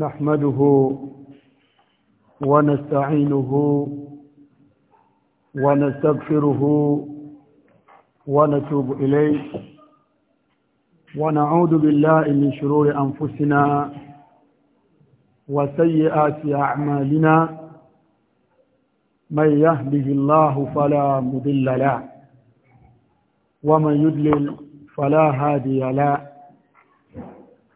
نحمده ونستعينه ونستغفره ونتوب إليه ونعوذ بالله من شرور أنفسنا وسيئات أعمالنا من يهده الله فلا مضل له ومن يضلل فلا هادي له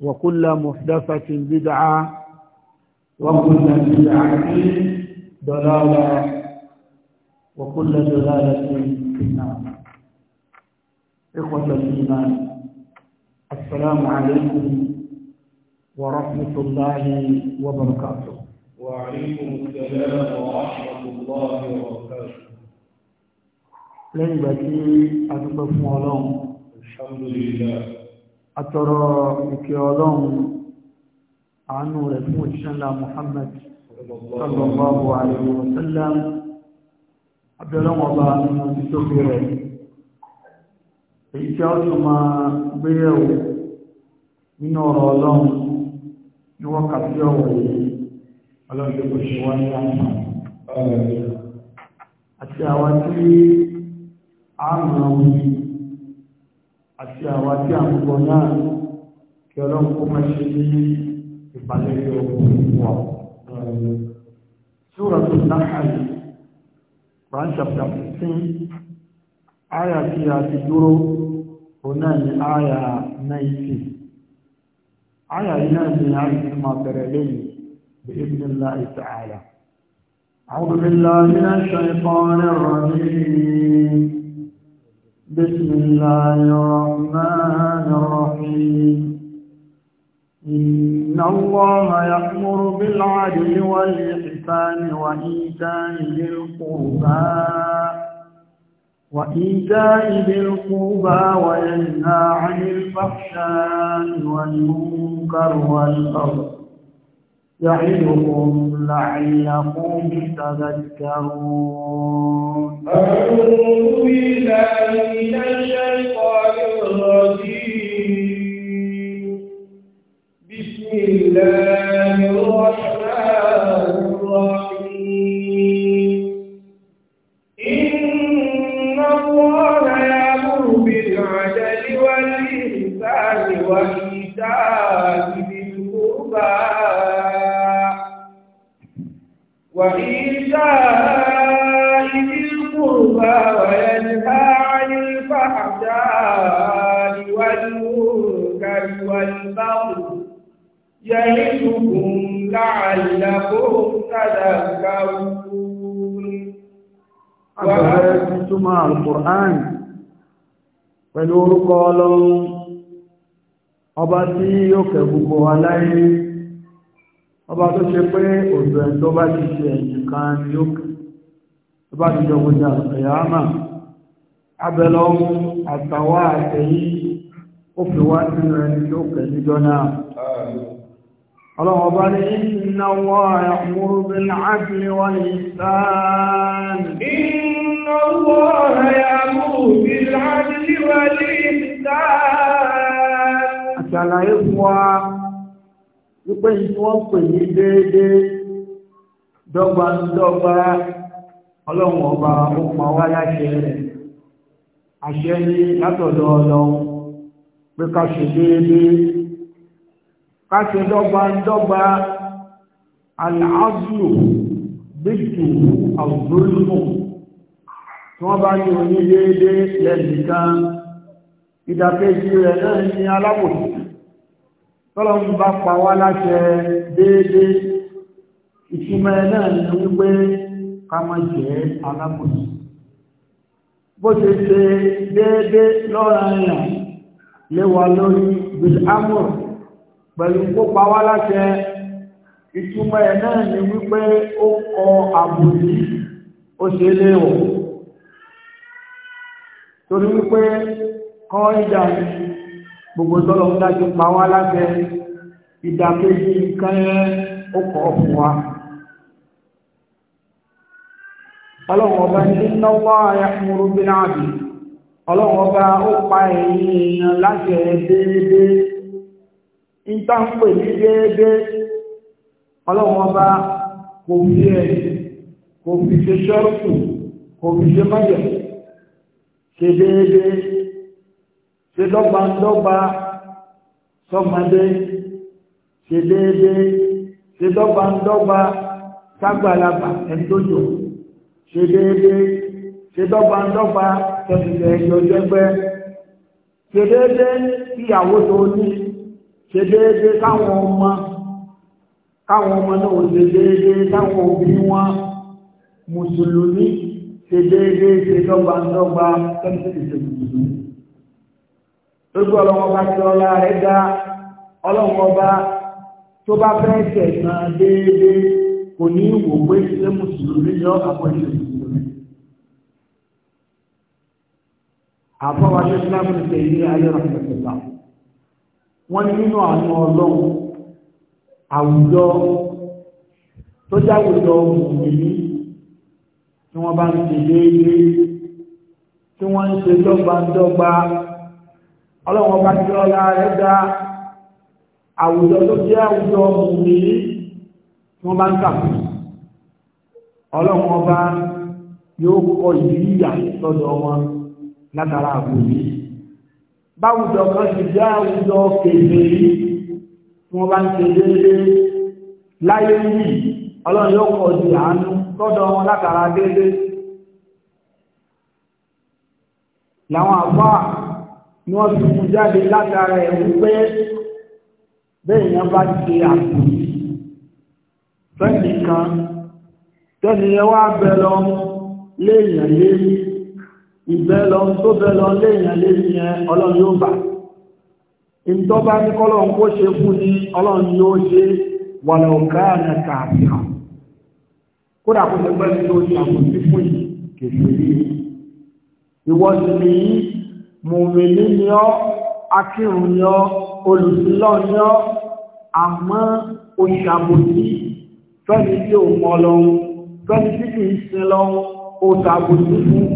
وكل محدثة بدعة وكل بدعة ضلالة وكل ضلالة في النار إخوة الإيمان السلام عليكم ورحمة الله وبركاته وعليكم السلام ورحمة الله وبركاته لن بكي أتبقى الحمد لله atọrọ ìkẹ́ ọlọ́run àánú rẹ̀ fún òṣìṣẹ́lá Muhammad sallallahu alaihi wa sallam abẹ́lọ́wọ̀n bá nínú ìtòkè rẹ̀ èyí tí a tún máa gbé ẹ̀wò nínú ọ̀rọ̀ ọlọ́run ní wákàtí ọ̀wọ̀ yìí ọlọ́run ṣe wá ní àti àwọn tí a mọ̀ wí àti àwa tí à ń gbọ́ náà kí ọlọ́run kó má ṣe ní ìbàlẹ̀ ọkùnrin wa. Suratul Nahl, Quran chapter fifteen, àyà tí a ti dúró, òun ni àyà náìtì. Àyà yìí náà ni a ti máa bẹ̀rẹ̀ lẹ́yìn bi'idhnillahi ta'ala. A'udhu billahi minash shaytanir rajim. بسم الله الرحمن الرحيم إن الله يأمر بالعدل والإحسان وإيتاء ذي القربى وإيتاء ذي القربى وينهى عن الفحشاء والمنكر والبغي يعدكم لعلكم تذكرون أعوذ بالله من الشيطان الرجيم بسم الله وعيسى ذي القربى وينهى عن الفحشاء والمنكر والبغي يعظكم لعلكم تذكرون وأنتم القرآن pẹ̀lú orúkọ ọlọ́run ọba tí yóò kẹ́ gbogbo aláìní ọba tó ṣe pé òjò ẹ̀ tó bá ti ṣe ẹ̀yìn kan ní òkè tó bá ti jọ wọjà ẹ̀yàmà abẹ́lọ́ àtàwà àtẹ̀yí ó fi wá sínú ẹni tó kẹ̀ níjọ́ náà ọlọ́wọ́ bá ní iná wọ́ ẹ̀kúrú bí láàájúlé wọ́n ní sáàánì iná wọ́ ẹ̀kúrú bí láàájúlé wọ́n ní sáàánì wípé yìí tí wọ́n pè ní déédéé dọ́gbandọ́gba ọlọ́run ọba ó pa wá láṣẹ rẹ̀ àṣẹ ní látọ̀dọ̀ ọlọ́run pé ká ṣe déédéé ká ṣe dọ́gbandọ́gba aláàzù bíkì àgbólùmù tí wọ́n bá ní oní lẹ́nìkan ìdàkejì rẹ̀ náà ní alábòsí tọ́lọ́run bá pa wá láṣẹ déédéé ìtumọ̀ ẹ̀ náà ni wípé ká má jẹ́ alábòsí bó ṣe ṣe déédéé lọ́ra ẹ̀yà léwa lórí bilhamur pẹ̀lú kópa wá láṣẹ ìtumọ̀ ẹ̀ náà ni wípé ó kọ àbòsí ó ṣe léwọ̀ torí wípé kọ́ ìdá yìí gbogbo tọ́lọ̀ ń dájú pa wá lábẹ́ ìdàkejì nǹkan yẹn ó kọ́ fún wa. ọlọ́run ọba ní náwó ayáfúnrú bí láàbì ọlọ́run ọba ó pa ẹ̀yìn èèyàn láti ẹ̀ ń tá ń pè ní déédéé ọlọ́run ọba kò fi ẹ̀ kò fi ṣe ṣọ́ọ̀kù kò fi ṣe mọ́jẹ̀ ṣe déédéé ṣe dọ́gbandọ́gba sọ́mọdé ṣe déédéé ṣe dọ́gbandọ́gba ságbàlagbà ẹni tó jò ṣe déédéé ṣe dọ́gbandọ́gba tẹ̀sílẹ̀ ìjọjẹ́gbẹ́ ṣe déédéé kíyàwó tó ní ṣe déédéé káwọn ọmọ káwọn ọmọ náà ṣe déédéé káwọn òbí wọn mùsùlùmí ṣe déédéé ṣe dọ́gbandọ́gba tẹ̀sílẹ̀ ìjọjẹ́gbẹ́ lójú ọlọ́wọ́ bá ti ọlá rẹ̀ dá ọlọ́wọ́ bá tó bá fẹ́ tẹ̀sán déédéé kò ní wò pé ṣe mùsùlùmí yọ àpọ̀jù mùsùlùmí. àfọwọ́ ṣe tí wọ́n ti ní ayé rẹ̀ pẹ̀lú wọn nínú àwọn ọlọ́run àwùjọ tó jáwùjọ mùsùlùmí tí wọ́n bá ń ṣe déédéé tí wọ́n ń ṣe dọ́gbandọ́gba ọlọ́wọ́n bá ti ọlá rẹ̀ dá àwùjọ tó jẹ́ àwùjọ mùmí tí wọ́n bá ń kàpù ọlọ́wọ́n bá yóò kọ ìdíyà lọ́dọ̀ wọn látara àbòyí báwùjọ kan ti jẹ́ àwùjọ kèfèrí tí wọ́n bá ń ṣe déédéé láyé yìí ọlọ́run yóò kọ di àánú lọ́dọ̀ wọn látara déédéé làwọn àfáà ni wọ́n fi mú jáde látara ẹ̀rù pé bẹ́ẹ̀ yẹn bá ṣe àpò fẹ́ẹ̀nì kan tẹ́ni yẹn wá bẹ lọ léèyàn léyìn ìbẹ lọ tó bẹ lọ léèyàn léyìn yẹn ọlọ́run yóò bà ìtọ́ba ní kọ́lọ́run kó ṣe fún ni ọlọ́run yóò ṣe wàlọ̀ká àná kààfihàn kódà kó ṣe pẹ́ ní tó ṣe àpò sí fún yìí kèsì yìí ìwọ́sìn nìyí mòmìnì ni ọ́ akírun ni ọ́ olùsílọ́ ni ọ́ àmọ́ oṣàbòsí fẹ́ni tí ò mọ lọ́hun fẹ́ni tí kì í sin lọ́hun oṣàbòsí fún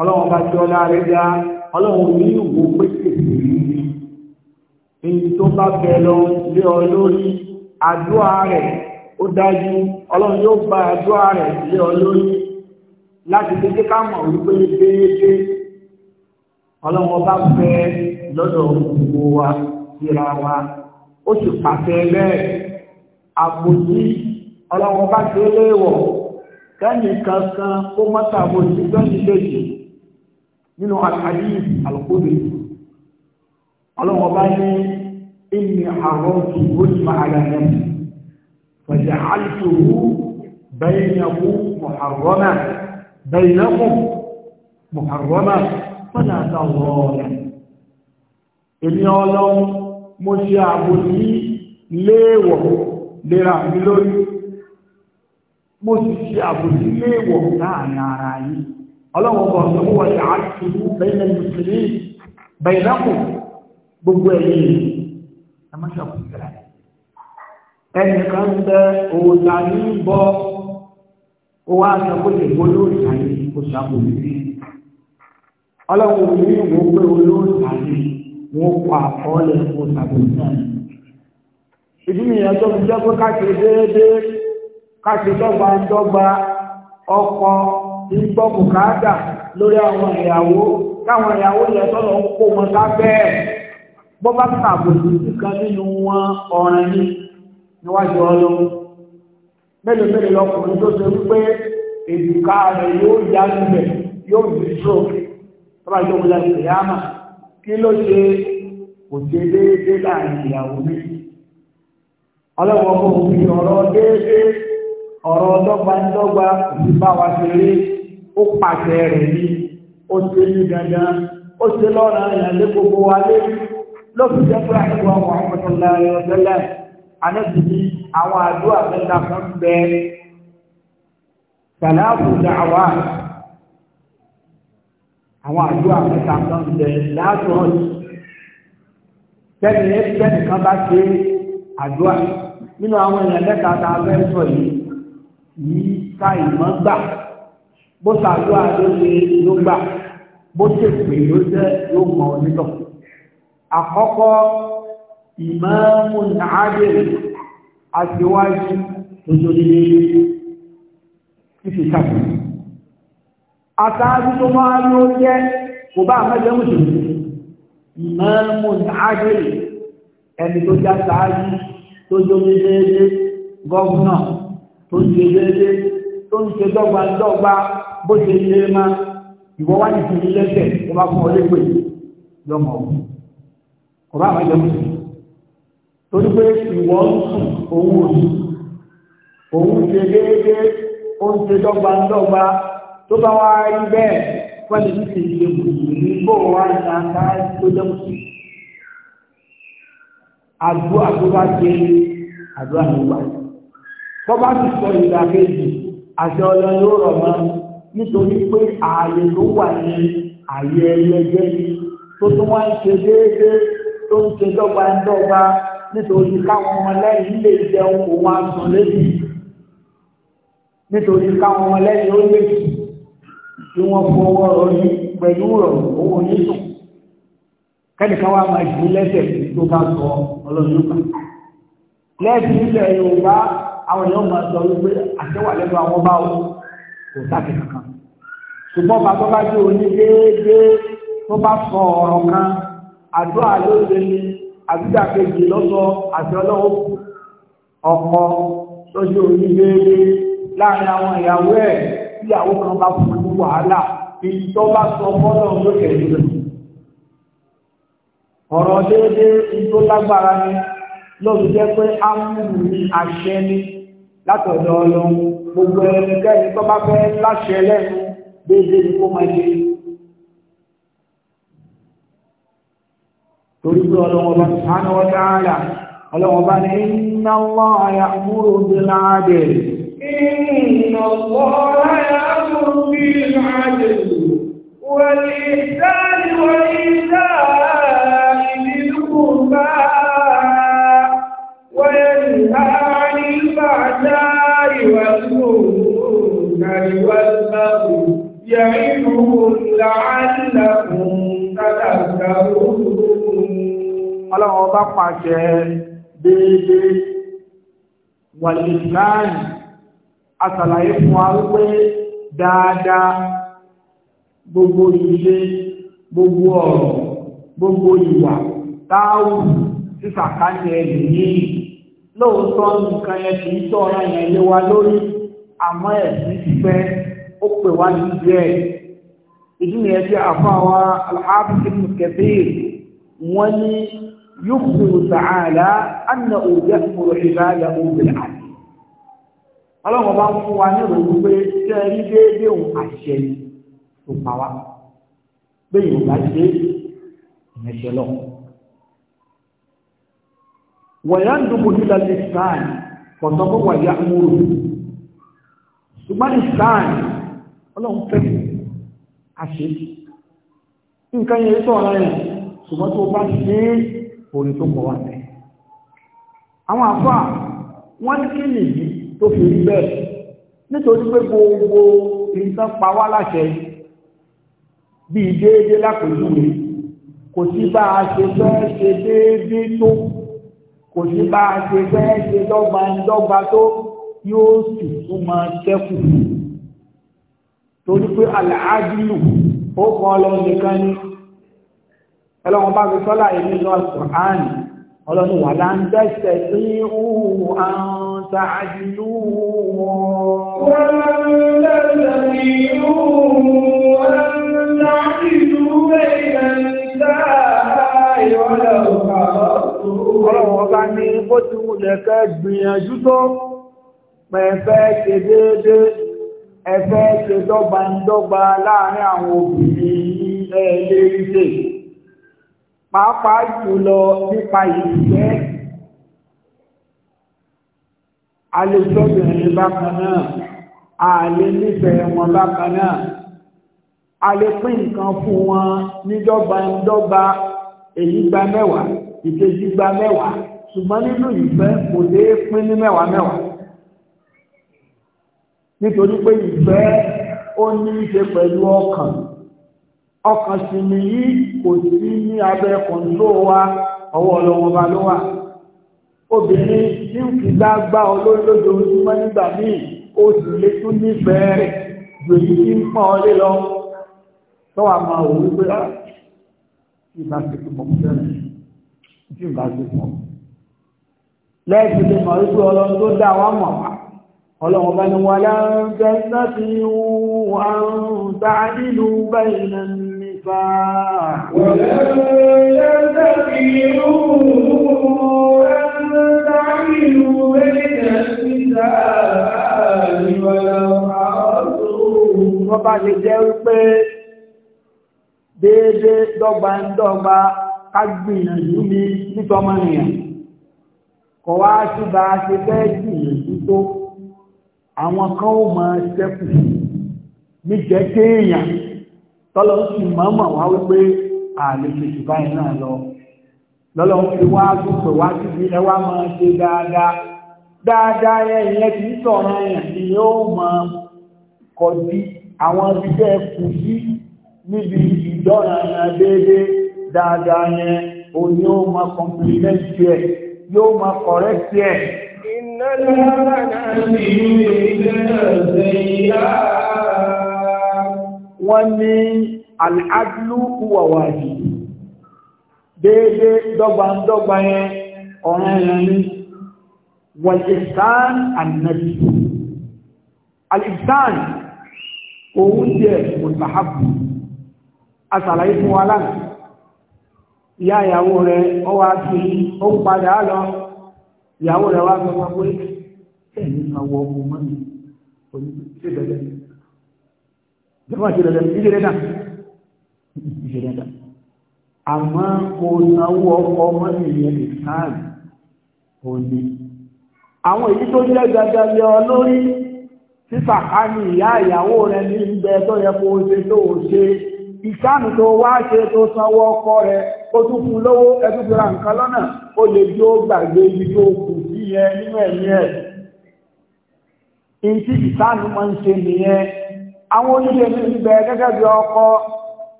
ọlọ́run bá jọ láre dá ọlọ́run ní ìwò pé kèsì rí ni èyí tó bá bẹ lọ lé ọ lórí àdúrà rẹ̀ ó dájú ọlọ́run yóò gba àdúrà rẹ̀ lé ọ lórí láti fi ká mọ̀ wípé déédéé ọlọ́wọ́n bá fẹ́ lọ́dọ̀ gbogbo wa síra wa ó sì pàṣẹ bẹ́ẹ̀ àbòsí ọlọ́wọ́n bá ṣe léèwọ̀ kẹ́ni kankan kó mọ́ta àbòsí gbẹ́ni lèjì nínú àkàdé àlùkòdì ọlọ́wọ́n bá ní ìmì àwọn òkè ó ti máa yà ẹ̀ fẹ̀jẹ̀ àìsòwò bẹ́yìnàkú mọ̀hàrọ́nà bẹ́yìnàkú mọ̀hàrọ́nà fọ́nà àtàwọn ọ̀rẹ́ èmi ọlọ́run mo ṣe àbò sí léèwọ̀ lera mi lórí mo sì ṣe àbò láàrin ara yìí ọlọ́run bọ̀ sọ wọ́n àtúntò mùsùlùmí gbogbo ẹ̀yìn ẹ̀ má ṣàkóso rẹ̀ ẹnìkan bẹ òòlà ní ọlọ́run ní ìwò pé olóòtàlẹ̀ wọn pa àkọọ́lẹ̀ fún tàbí náà ìdí nìyẹn tó fi jẹ́ pé káṣe déédéé káṣe dọ́gba dọ́gba ọkọ tí ń gbọ́ bùkátà lórí àwọn ìyàwó káwọn ìyàwó yẹn tọ́lọ̀ ń kó wọn lábẹ́ ẹ̀ bọ́ bá tàbùkù sí kan nínú wọn ọ̀ràn ní níwájú ọlọ́run mélòó mélòó lọkùnrin tó ṣe wípé èjìká rẹ̀ yóò yá níbẹ̀ yóò yí sóòkè tọ́bá jọ ya ìyáàmà kí ló ṣe kò ṣe láàrin ìyàwó méjì ọlọ́wọ́ ọmọ òfin ọ̀rọ̀ déédéé ọ̀rọ̀ dọ́gbandọ́gba òfin bá wa ṣe rí ó pàṣẹ rẹ̀ ní ó ṣe ní dandan ó ṣe ìyàlẹ́ gbogbo wa lé àwọn àwọn àdúrà mẹ́ta kan bẹ láàtọ̀ tẹ́ni tẹ́ni kan bá ṣe àdúrà nínú àwọn èèyàn mẹ́ta tá a fẹ́ sọ yìí yìí ká ìmọ̀ gbà bó ṣàdúrà ló ṣe ló gbà bó ṣe pè ló jẹ́ ló mọ̀ onítọ̀ àkọ́kọ́ ìmáàmù nàádìrì àtiwájú tó jọ nílé fífi ṣàkóso àtàrí tó máa ní ó jẹ́ kò bá àmẹ́jẹ mùsùlùmí mẹ́mù àgbèrè ẹni tó já sáájú tó jómi déédé gọ́ọ̀nà tó ń ṣe déédé tó ń ṣe dọ́gbandọ́gba bó ṣe ṣe má ìwọ́ wá nìkan ní lẹ́sẹ̀ tó bá fún ọ lépè lọ́mọ kò bá àmẹ́jẹ mùsùlùmí torí pé ìwọ́ ń sùn òun òun òun ṣe déédé ó ń ṣe dọ́gbandọ́gba tó bá wá rí bẹ́ẹ̀ wọ́n lè ní kìí ṣe mùsùlùmí bó wá ní aká tó jẹ́ mùsùlùmí. àgbo àgbóbá jẹ àdó àgbóbá tó bá ti sọ ìgbà kejì àṣẹ ọlọ́run yóò rọ̀ mọ́ nítorí pé ààyè tó wà ní ààyè ẹlẹgbẹ́ ni tó tún wá ń ṣe déédéé tó ń ṣe dọ́gbandọ́gba nítorí káwọn ọmọ lẹ́yìn lè jẹun òun àtúnlẹ́yìn nítorí káwọn ọmọ lẹ́yìn ó lè sùn tí wọ́n fọwọ́ orí pẹ̀lú rọ̀ owó oníṣùn kẹ́nìkan wá máa jù lẹ́sẹ̀ tó bá sọ ọlọ́dúnkà lẹ́ẹ̀sì ilẹ̀ Yorùbá àwọn èèyàn máa sọ wípé àtẹ́wà lẹ́nu àwọn bá wọn kò sáfì kankan ṣùgbọ́n bàbá bá jẹ́ oní déédéé tó bá sọ ọ̀rọ̀ kan àdúrà ló ni àbíjà kejì lọ́sọ àti ọlọ́wọ́ ọkọ lọ́jọ́ oní déédéé láàrin àwọn ìyàwó ẹ̀ tí àwọn kan bá fún ní wàhálà èyí tó bá sọ fọ́nà lókè nílẹ̀ ọ̀rọ̀ déédéé ìtó lágbára ni lóòrùn jẹ́ pé ámúlù ní àṣẹ ní látọ̀dọ̀ ọlọ́run gbogbo ẹnikẹ́ni tó bá fẹ́ láṣẹ lẹ́nu إن الله يأمر بالعدل والإحسان وإيتاء ذي وينهى عن البعداء والمنكر والبغي يعظكم لعلكم تذكرون Ọlọ́run ọba pàṣẹ déédéé wàlìsíláàmù àtàlàyé fún wa wípé dáadáa gbogbo ìṣe gbogbo ọ̀rọ̀ gbogbo ìwà táàwù sísàkájẹ ẹ̀rì yìí lóòótọ́ nǹkan yẹn kì í tọ́ra yẹn lé wa lórí àmọ́ ẹ̀sìn fẹ́ ó pè wá ní díẹ̀ ìdí nìyẹn tí àfáwa alhábìsì kẹfìr wọn ní yóò kúrò sàálà ánà kúrò ìbáyà òbí àná ọlọ́run bá ń fún wa ní ìròyìn pé tẹ́ ẹ rí déédéé òun àṣẹ tó pa wá pé yorùbá ṣe ìrẹsẹ̀ lọ. wọ̀nyá ń dùnkù nílẹ̀ ní sáàn kọ̀tọ́ fún wàyà múrù ṣùgbọ́n ní sáàn ọlọ́run fẹ́ àṣẹ nǹkan yẹn sọ̀rọ̀ yẹn ṣùgbọ́n tó bá ṣe orin tó pọ̀ wá bẹ́ẹ̀. àwọn àfáà wọ́n kí nìyí tó fi rí bẹ́ẹ̀ nítorí pé gbogbo nǹkan pa wá láṣẹ bíi déédéé lápèjúwe kò sí bá a ṣe fẹ́ ṣe déédéé tó kò sí bá a ṣe fẹ́ ṣe dọ́gbandọ́gba tó yóò sì tún máa ṣẹ́kù torí pé àlàájìlù ó kọ́ ọlọ́run nìkan ni ẹlọ́run bá fi sọ́lá ìlú náà sọ̀rọ̀ ọlọ́run wà láńdẹ́sẹ̀ sí ìhùn àwọn تعدلون ولن تستطيعوا أن تعدلوا بين النساء ولو Ọlọ́run ọba ní bó ti wùlẹ̀ kẹ́ gbìyànjú tó, pẹ̀fẹ́ ṣe déédé, ẹ̀fẹ́ ṣe dọ́gba dọ́gba láàrin àwọn obìnrin ẹ̀ẹ́lẹ́rí ṣe. Pàápàá jùlọ nípa ìfẹ́ alẹ́sọ́bìnrin bákan náà ààlẹ́ nífẹ̀ẹ́ wọn bákan náà alẹ́ pín nǹkan fún wọn nídọ́gba dọ́gba èyí gba mẹ́wàá ìkejì gba mẹ́wàá ṣùgbọ́n nínú ìfẹ́ kò lè pín ní mẹ́wàá mẹ́wàá nítorí pé ìfẹ́ ó ní í ṣe pẹ̀lú ọkàn ọkàn sì nìyí kò sí ní abẹ́ kọ̀ńtò wa ọwọ́ ọlọ́wọ́n ló wà obìnrin tí ń fi gbágbá olórí lójoojúmọ́ nígbà míì ó sì lè tún nífẹ̀ẹ́ rẹ̀ ju èyí tí ń pọ̀ lé lọ tó wà máa wò wípé á ah, tí ìbá ti fi mọ̀ fẹ́rẹ̀ tí ìbá ti mọ̀ lẹ́ẹ̀sì lè mọ̀ wípé ọlọ́run tó dá wa mọ̀ wá ọlọ́run bá ní wà láńtẹ́ sẹ́sì àrùn tààdìlú bẹ́ẹ̀ nà nípa wọ́n lẹ́ẹ̀sì lè mọ̀ تعملوا بين الكتاب ولو حرصوا wọ́n bá lè jẹ́ wípé déédé dọ́gba ń dọ́gba kágbìyànjú ní nítọ́mọ́nìyàn kọ̀ wá sí bá a ṣe fẹ́ gbìyànjú tó àwọn kan ó máa ṣẹ́kù níjẹ́ kéèyàn tọ́lọ́ sì mọ́mọ̀ wá wípé àlejò ìṣùbáyìí náà lọ lọ́lọ́run fi wá gbogbo wá síbi ẹ wá máa ṣe dáadáa dáadáa yẹn ìyẹn kì í sọ̀rọ̀ yẹn ìyẹn ó máa kọ sí àwọn ibiṣẹ́ kù sí níbi ìdọ́ra yẹn déédéé dáadáa yẹn òun ni ó máa kọ̀m̀pìlẹ́ǹtì ẹ̀ yóò máa kọ̀rẹ́tì ẹ̀. wọ́n ní al-adlu déédé dọ́gbandọ́gba yẹn ọ̀ràn yẹn ni wàlìsàn ànàbì alìsàn òun jẹ́ mùsàhábù asàlàyé fún wa lánàá ìyá ìyàwó rẹ̀ ọwọ́ àti òun padà lọ ìyàwó rẹ̀ wá gbọ́n pé ẹ̀yìn sanwó ọmọ mọ́ni oníṣẹ́ ìdẹ́gbẹ́ ìjọba ìṣẹ̀lẹ̀ ìṣẹ̀lẹ̀ àmọ́ kò sanwó ọkọ̀ mọ́nìyàn ìsáàmì òní àwọn èyí tó jẹ́ gẹ́gẹ́lẹ́ olórí títà ká ní ìyá ìyàwó rẹ ní ìgbẹ́ tó yẹ kó ṣe tó ṣe ìsáàmì tó wá ṣe tó sanwó ọkọ rẹ. ó tún fún lówó nǹkan lọ́nà ó lè gbàgbé ibi tó kù sí yẹn nínú ẹ̀mí ẹ̀ ìtì ìsáàmì máa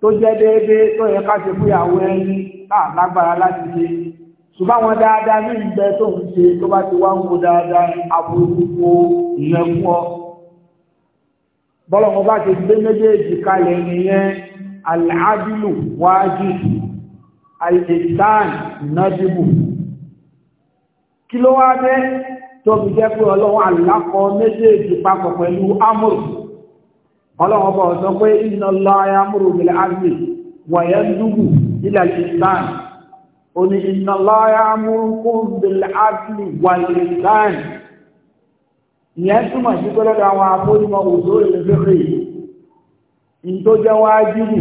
tó jẹ́ déédéé tó yẹ ká ṣe fún ìyàwó ẹni lágbára láti ṣe ṣùgbọ́n wọn dáadáa ní ìgbẹ tó ń ṣe tó bá ti wá ń wo dáadáa àbúrúkú ìyẹn fún ọ bọ́lọ̀ wọn bá ti gbé méjèèjì kalẹ̀ nìyẹn aláàbílù wájú àìsàn nájíbù kí ló wá dé tó fi jẹ́ pé ọlọ́run àlákọ méjèèjì papọ̀ pẹ̀lú amúrù ọlọ́wọ́ bọ̀ sọ pé inna Allaha ya'muru bil 'adli wa yandubu ila al-ihsan ó ní inna Allaha ya'murukum bil 'adli wal ihsan ìyẹn túmọ̀ sí pé lọ́dọ̀ àwọn afọ́nímọ̀ òṣò ìlẹ́fẹ́fẹ́ in tó jẹ́ wájìbù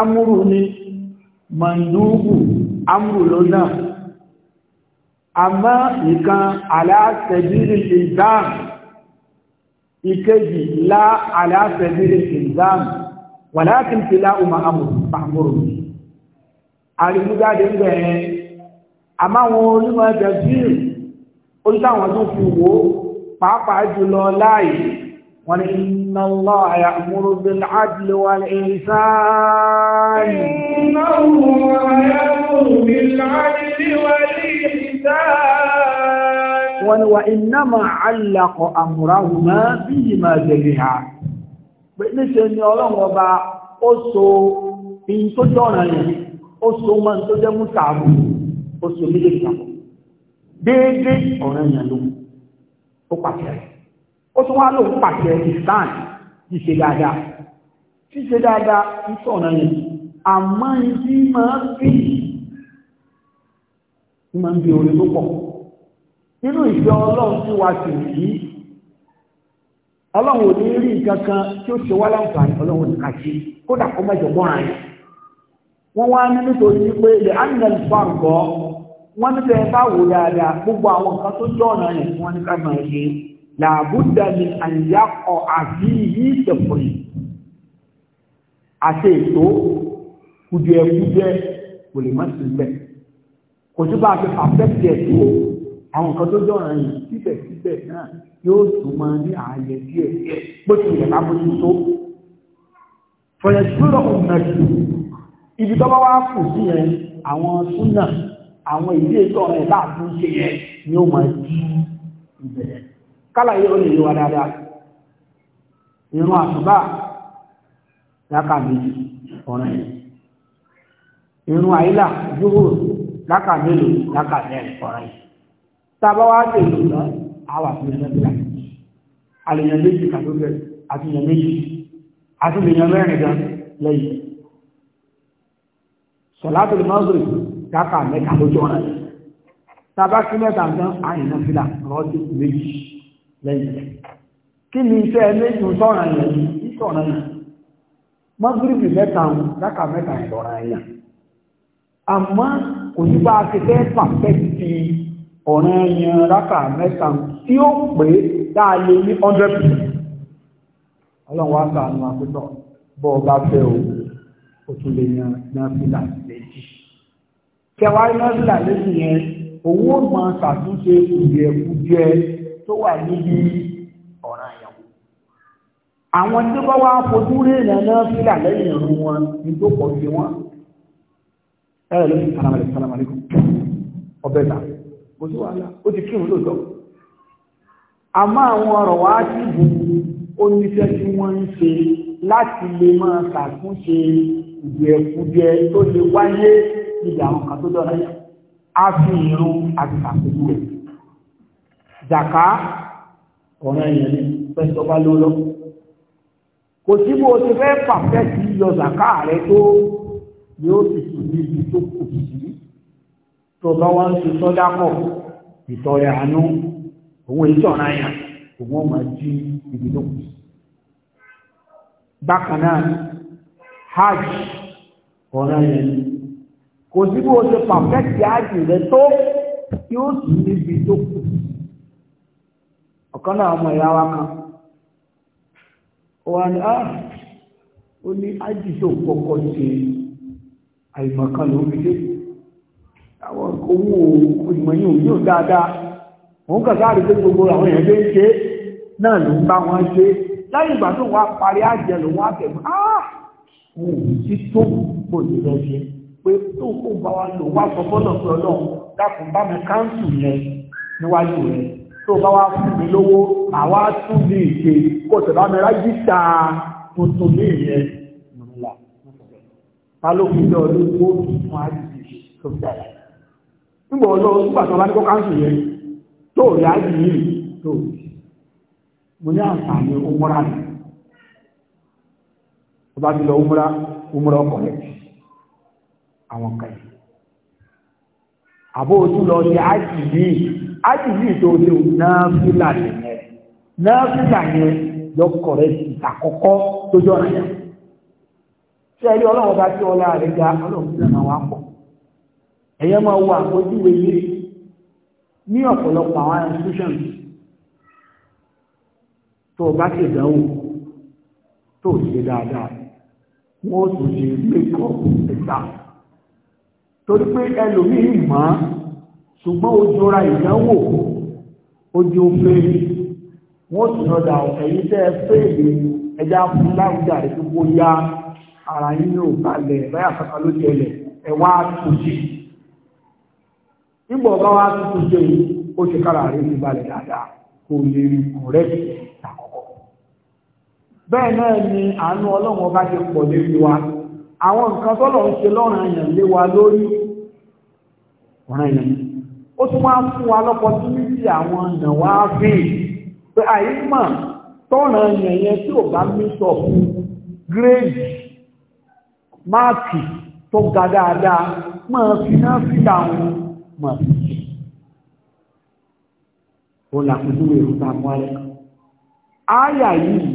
amúrù ni mọ̀ndúùbù amúrù ló náà àmọ́ nìkan aláṣẹ̀bí ìlẹ̀ ìdáàmù ìkejì lá aláṣẹ́bílẹ̀ ìzáàmù wà láàkín ti lá ọmọ àmúrò àrímújáde ń bẹ̀rẹ̀ àmáwọn onímọ̀ ẹgbẹ̀ bíl oníṣàwọn tó fi wò pàápàá jùlọ láàyè wọn ni inna Allaha ya'muru bil adli wal ihsan inna Allaha ya'muru wọ́n ni wa innama allaqa amrahuma bima jaliha níṣẹ́ ni ọlọ́run ọba ó so in tó jọ ọ̀nà yẹn ó so mọ́ tó jẹ́ mú tààbù ó so méjèèjì papọ̀ déédé ọ̀nà yẹn ó pàṣẹ ó ń bí orin tó nínú ìfẹ́ ọlọ́run tí wàá sì rí ọlọ́run ò ní rí nǹkan kan tí ó ṣe wá láǹfààní ọlọ́run ò ní ká ṣe kódà kó má jọ mọ́ra rẹ̀ wọ́n wá ní nítorí wípé ilẹ̀ animal farm kọ́ wọ́n ní bẹ́ẹ̀ bá wò dáadáa gbogbo àwọn nǹkan tó jọ ọ̀nà yẹn tí wọ́n ní ká máa ṣe làbúdà ni àyà ọ̀ àbí yìí tẹ̀fọ̀rì àti ètò kùdìẹ̀kùdìẹ̀ kò lè má sí bẹ́ẹ̀ kò sí bá a fi pàfẹ́ tiẹ̀ tó o àwọn nǹkan tó jọ̀ràn yìí síbẹ̀síbẹ̀ náà yóò tún máa ní ààyè díẹ̀ bó ti yẹ ká bójú tó. fọyẹ̀sùrọ̀ òmìnàjù ibi tó bá wá kù sí yẹn àwọn súnà àwọn ìdí ètò ọ̀rọ̀ bá tún ṣe yẹn ni ó máa di ìbẹ̀rẹ̀. kálá yìí ó lè yé wa dáadáa irun àsùbá láka méjì ọ̀ràn yìí irun àyílà yóò láka mélòó láka mẹ́rin ọ̀ràn yìí tàbá wá ṣe ìlúta àwà fún ẹ̀lẹ́gbẹ̀rẹ̀ àlèyàn méjì kàtókẹ̀ àti èèyàn méjì àti èèyàn mẹ́rin gan lẹ́yìn sọ̀látò lè máa zòrò káàkà mẹ́ta lójọ́ rẹ̀ tàbá sí mẹ́ta gan àyìnà fìlà rọ́ọ̀tì méjì lẹ́yìn kí ni iṣẹ́ méjì sọ̀rọ̀ yẹn ní sọ̀rọ̀ yẹn mọ́gírìbì mẹ́ta káàkà mẹ́ta ìlọ̀rọ̀ yẹn àmọ́ kò ní bá a ṣe fẹ́ pàfẹ́ ti ọ̀ràn yẹn rákà mẹ́ta tí ó pé dáàyè ní 100% ọlọ́run wá sàánú àpétọ̀ bọ́ ọba fẹ́ o ó tún lè yan náfìlà méjì kẹwàá náfìlà méjì yẹn owó mọ ṣàtúnṣe kùdìẹ̀kùdìẹ tó wà níbi ọ̀ràn yẹn àwọn tí wọ́n wá fojú rí ìrìn náfìlà lẹ́yìn ìrún wọn ní tó pọ̀ sí wọn ẹ̀rọ lórí sàlámàlẹ́kùn ọbẹ̀ náà kò sí wàhálà ó ti kírun lóòótọ́ àmọ́ àwọn ọ̀rọ̀ wá sí ìbò oníṣẹ́ tí wọ́n ń ṣe láti lè máa ṣàtúnṣe ìjẹkújẹ tó lè wáyé níbi àwọn kan tó dọ̀rọ̀ yẹn á fi irun àti ṣàkóso rẹ̀ jàká ọ̀rọ̀ ẹ̀yẹn ni pẹ́sọ́ bá ló lọ kò sí bó o ti fẹ́ pàfẹ́ sí yọ jàká rẹ tó yóò sì tún níbi tó kù sí tó bá wá ń sọ́dá pọ̀ ìtọrẹ àánú òun èyí tọ̀ra òun jí ibi tó kù. bákan hajj kò sí bí ṣe pàfẹ́tì hajj rẹ tó ó sì ibi tó kù. ọ̀kan náà ọmọ ìyá wa kan ó ah! hajj tó kọ́kọ́ ṣe àìmọ̀kan ló fi dé. àwọn owó ìmọ̀ yìí òun yóò dáadáa òun kàn sáà rí pé gbogbo àwọn èèyàn tó ń ṣe náà ló ń bá wọn ṣe láyé ìgbà tó wá parí àjẹ ló wá tẹ̀mọ́ áá ah! mo ò sí tó kò ní lọ ṣe pé tó kó bá wa lò wá sọ fọ́nà pé ọlọ́run dákun bá mi káńsù yẹn níwájú rẹ̀ tó bá wá fún mi lówó àwa tún ní ìṣe kó tẹ̀ bá mi rájí ta tuntun ní ìyẹn nùlá ta ló fi lọ lóko fún àjèjì tó dára nígbà ọjọ́ nígbà tó bá ní kó káńsù yẹn tó rí àjì yìí tó mo ní àǹfààní umra ni tó bá ti lọ umra umra ọkọ̀ rẹ̀ àwọn kan yìí àbó ojú lọ sí àjì yìí àjì yìí tó ṣe náà fílà nìyẹn náà fílà yẹn lọkọ̀ rẹ̀ ti tàkọ́kọ́ tó jọ́ nìyẹn ṣe ọlọ́run bá tí ọlá rẹ̀ ga ọlọ́run tí ọ̀nà wa pọ̀ ẹ̀yẹ́ máa wo àpójúwe ilé ní ọ̀pọ̀lọpọ̀ àwọn institutions tó o bá ti dánwò tó o ṣe dáadáa wọ́n ó tún ṣe make-up exam torí pé ẹlòmíì mọ̀ ọ́ ṣùgbọ́n o jọra ìdánwò ojú ọ̀fẹ́ wọ́n tún lọ́dà ẹ̀yìn tẹ́ ẹ fẹ́ẹ̀lì ẹja fún láwùjá rẹ̀ tó ara yín yóò balẹ̀ báyà kankan ló jẹlẹ̀ ẹ wá ṣe. nígbà ọba wa tuntun ṣe ó ṣe kára rẹ̀ ti balẹ̀ dáadáa kò lè rí ọ̀rẹ́ ìtàkọ́kọ́ bẹ́ẹ̀ ni àánú ọlọ́run ọba ṣe pọ̀ lórí wa àwọn nǹkan tọ́lọ̀ ń ṣe lọ́rùn èèyàn lé wa lórí ọ̀ràn yẹn ó tún fún wa lọ́pọ̀ tí àwọn ọ̀nà fi pé àyè mọ̀ yẹn tí ò ga dáadáa máa fi náà masu ci ó làkúndú èrò tá a mú alẹ́ ááyà yìí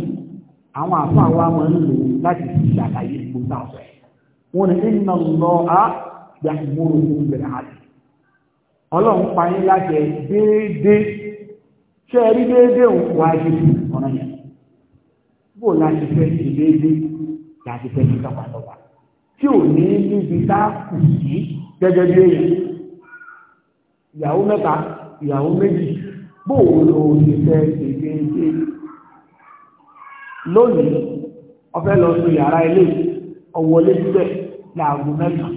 àwọn àfáà wa máa ń lò láti fi ṣàlàyé ipò tá a sọ wọn ni iná lọ á gba ìmúrò fún bẹ̀rẹ̀ àti ọlọ́run pa yín láti déédéé ṣé ẹ rí déédéé òun ọ̀nà yẹn bó ìyàwó mẹ́ta ìyàwó méjì bóòwò ló ní fẹ́ ṣègbéǹde lónìí ọfẹ́ lọ sí yàrá ilé ọ̀wọ́lé síbẹ̀ láago mẹ́ta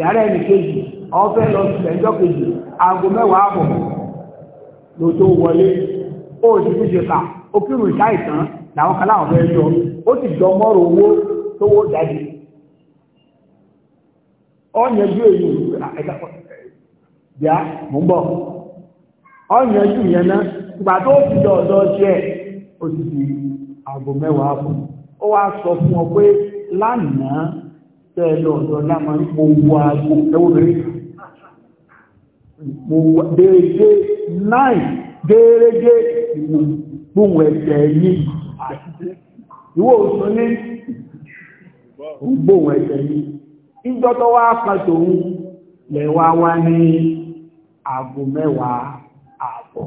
yàrá ẹnì kejì ọfẹ́ lọ sí ẹjọ́ kejì mẹ́wàá àbọ̀ ló tó wọlé ó ti fi ṣe ó kírun ìtàn bíá mú bọ̀ ọ̀yàn jù yẹn náà ìgbà tó fi dọ̀dọ̀ ṣe ẹ̀ ó ti di aago mẹ́wàá fún ó wá sọ fún ọ pé lánàá tẹ́ ẹ lọ ọ̀dọ̀ lámà mo wo aago ẹwọ́ bẹ̀rẹ̀ déédé náì déédé ìgbóhùn ẹ̀jẹ̀ yìí ìwọ òsùn ní ìgbóhùn ẹ̀jẹ̀ yìí ìjọ tó wá pàtó lẹ̀ wá ní aago mẹ́wàá ààbọ̀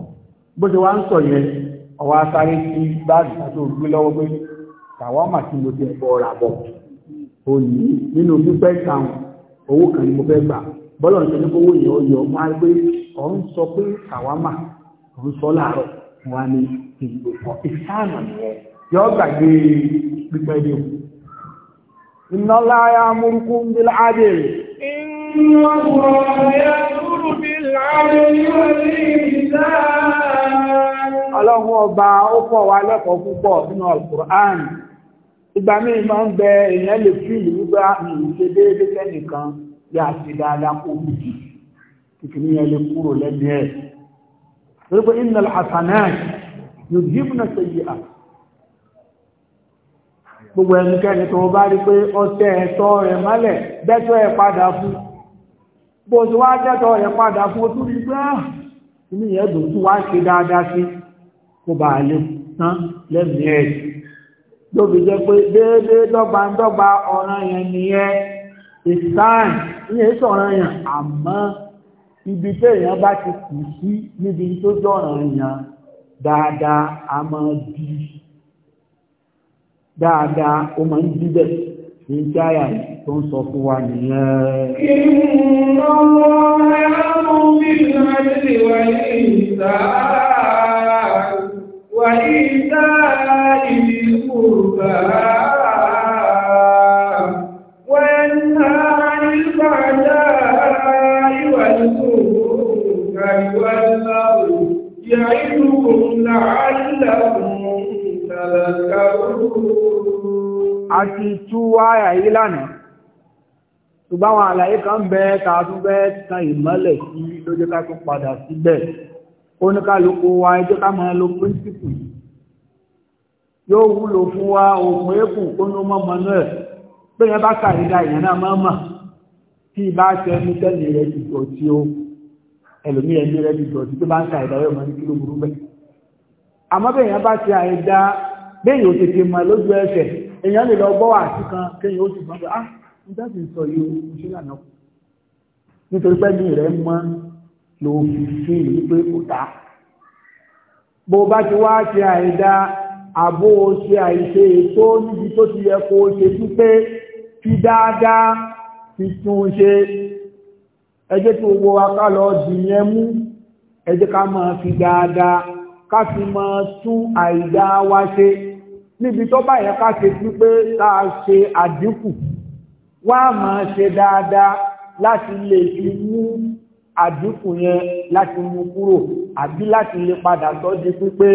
bó ṣe wá ń sọ yẹn ọwọ́ asáré sí báàgì tàbí ògbé lọ́wọ́ pé tàwa mà tí mo ti ẹ̀bọ̀ rà bọ̀ ò ní nínú pípẹ́ ìtàn owó kan ni mo fẹ́ gbà bọ́lọ̀ ń ṣe ní kówó yẹn ọyọ máa pé ọ̀ ń sọ pé tàwa mà ń sọ láàárọ̀ wọn ni ìgbòkàn ìsáàmù yẹn yọ gbàgbé pípẹ́ dé o. Inna Allah ya'murukum bil 'adl. Inna Allah ya'muru bil Ọlọ́run ọba ó kọ́ wa lẹ́kọ̀ọ́ púpọ̀ nínú Al-Qur'an. Ìgbà míì máa ń bẹ èèyàn lè fi ah, ìlú gbá déédé lẹ́nìkan yà sí dáadáa kó wù jì. Kìkìní yẹn kúrò lẹ́nu gbogbo bó ti wá jẹ́tọ̀ rẹ̀ padà fún ojú rí pé ah, inú yẹn dùn tún wá ṣe dáadáa sí kó bàa lè tán lẹ́mìí ẹ̀ ló fi jẹ́ pé déédéé dọ́gba dọ́gba ọ̀ràn yẹn nìyẹn ìsáàn ìyẹn sọ̀ràn yẹn àmọ́ ibi tí èèyàn bá ti kù sí níbi tó jọ̀ràn yẹn dáadáa a máa di dáadáa ó máa ń di bẹ́ẹ̀ ní jáyà tó ń sọ fún wa nìyẹn. Inna Allaha ya'muru bil-'adli wal-ihsan wa ita'i dhil-qurba wa yanha 'anil-fahsha'i wal-munkari wal a ti tú àyà yìí lánàá ṣùgbọ́n àwọn àlàyé kan bẹ ta tún bẹ tan ìmọ́lẹ̀ sí lójú ká tún padà síbẹ̀ oníkàlùkù wa ẹjọ́ ká máa lo píríncípù yóò wúlò fún wa òun èkù kónú mọ́mọ́ náà pé yẹn bá kàrídà ìyẹn náà máa mà tí ìbá ti gbọ̀ tí ó ẹlòmí ẹni rẹ ti gbọ̀ tí tó bá ń kàrídà yóò máa ní kíló burú bẹ́ẹ̀ àmọ́ bẹ́ẹ̀ yẹn bẹ́ẹ̀ yóò tètè mọ̀ lójú ẹsẹ̀ èèyàn lè lọ gbọ́ àti kan kéèyàn ó sì gbọ́n pé ah n tẹ́sí ń sọ yìí o ṣé lànà nítorí pé ní rẹ̀ mọ́ ló fi fi wípé kò dá bó bá ti wá ṣe àìdá àbó ṣe àìṣe ètò níbi tó ti yẹ kó ṣe sí pé fi dáadáa fi tún ṣe ẹ tí gbogbo wa ká lọ dìyẹn mú ẹ ká máa fi dáadáa ká fi máa tún àìdá wa ṣe níbi tó bá yẹ ká ṣe sí pé tá a ṣe àdínkù wá máa ṣe dáadáa láti lè fi mú àdínkù yẹn láti mú kúrò àbí láti lè padà tọ́ di pípé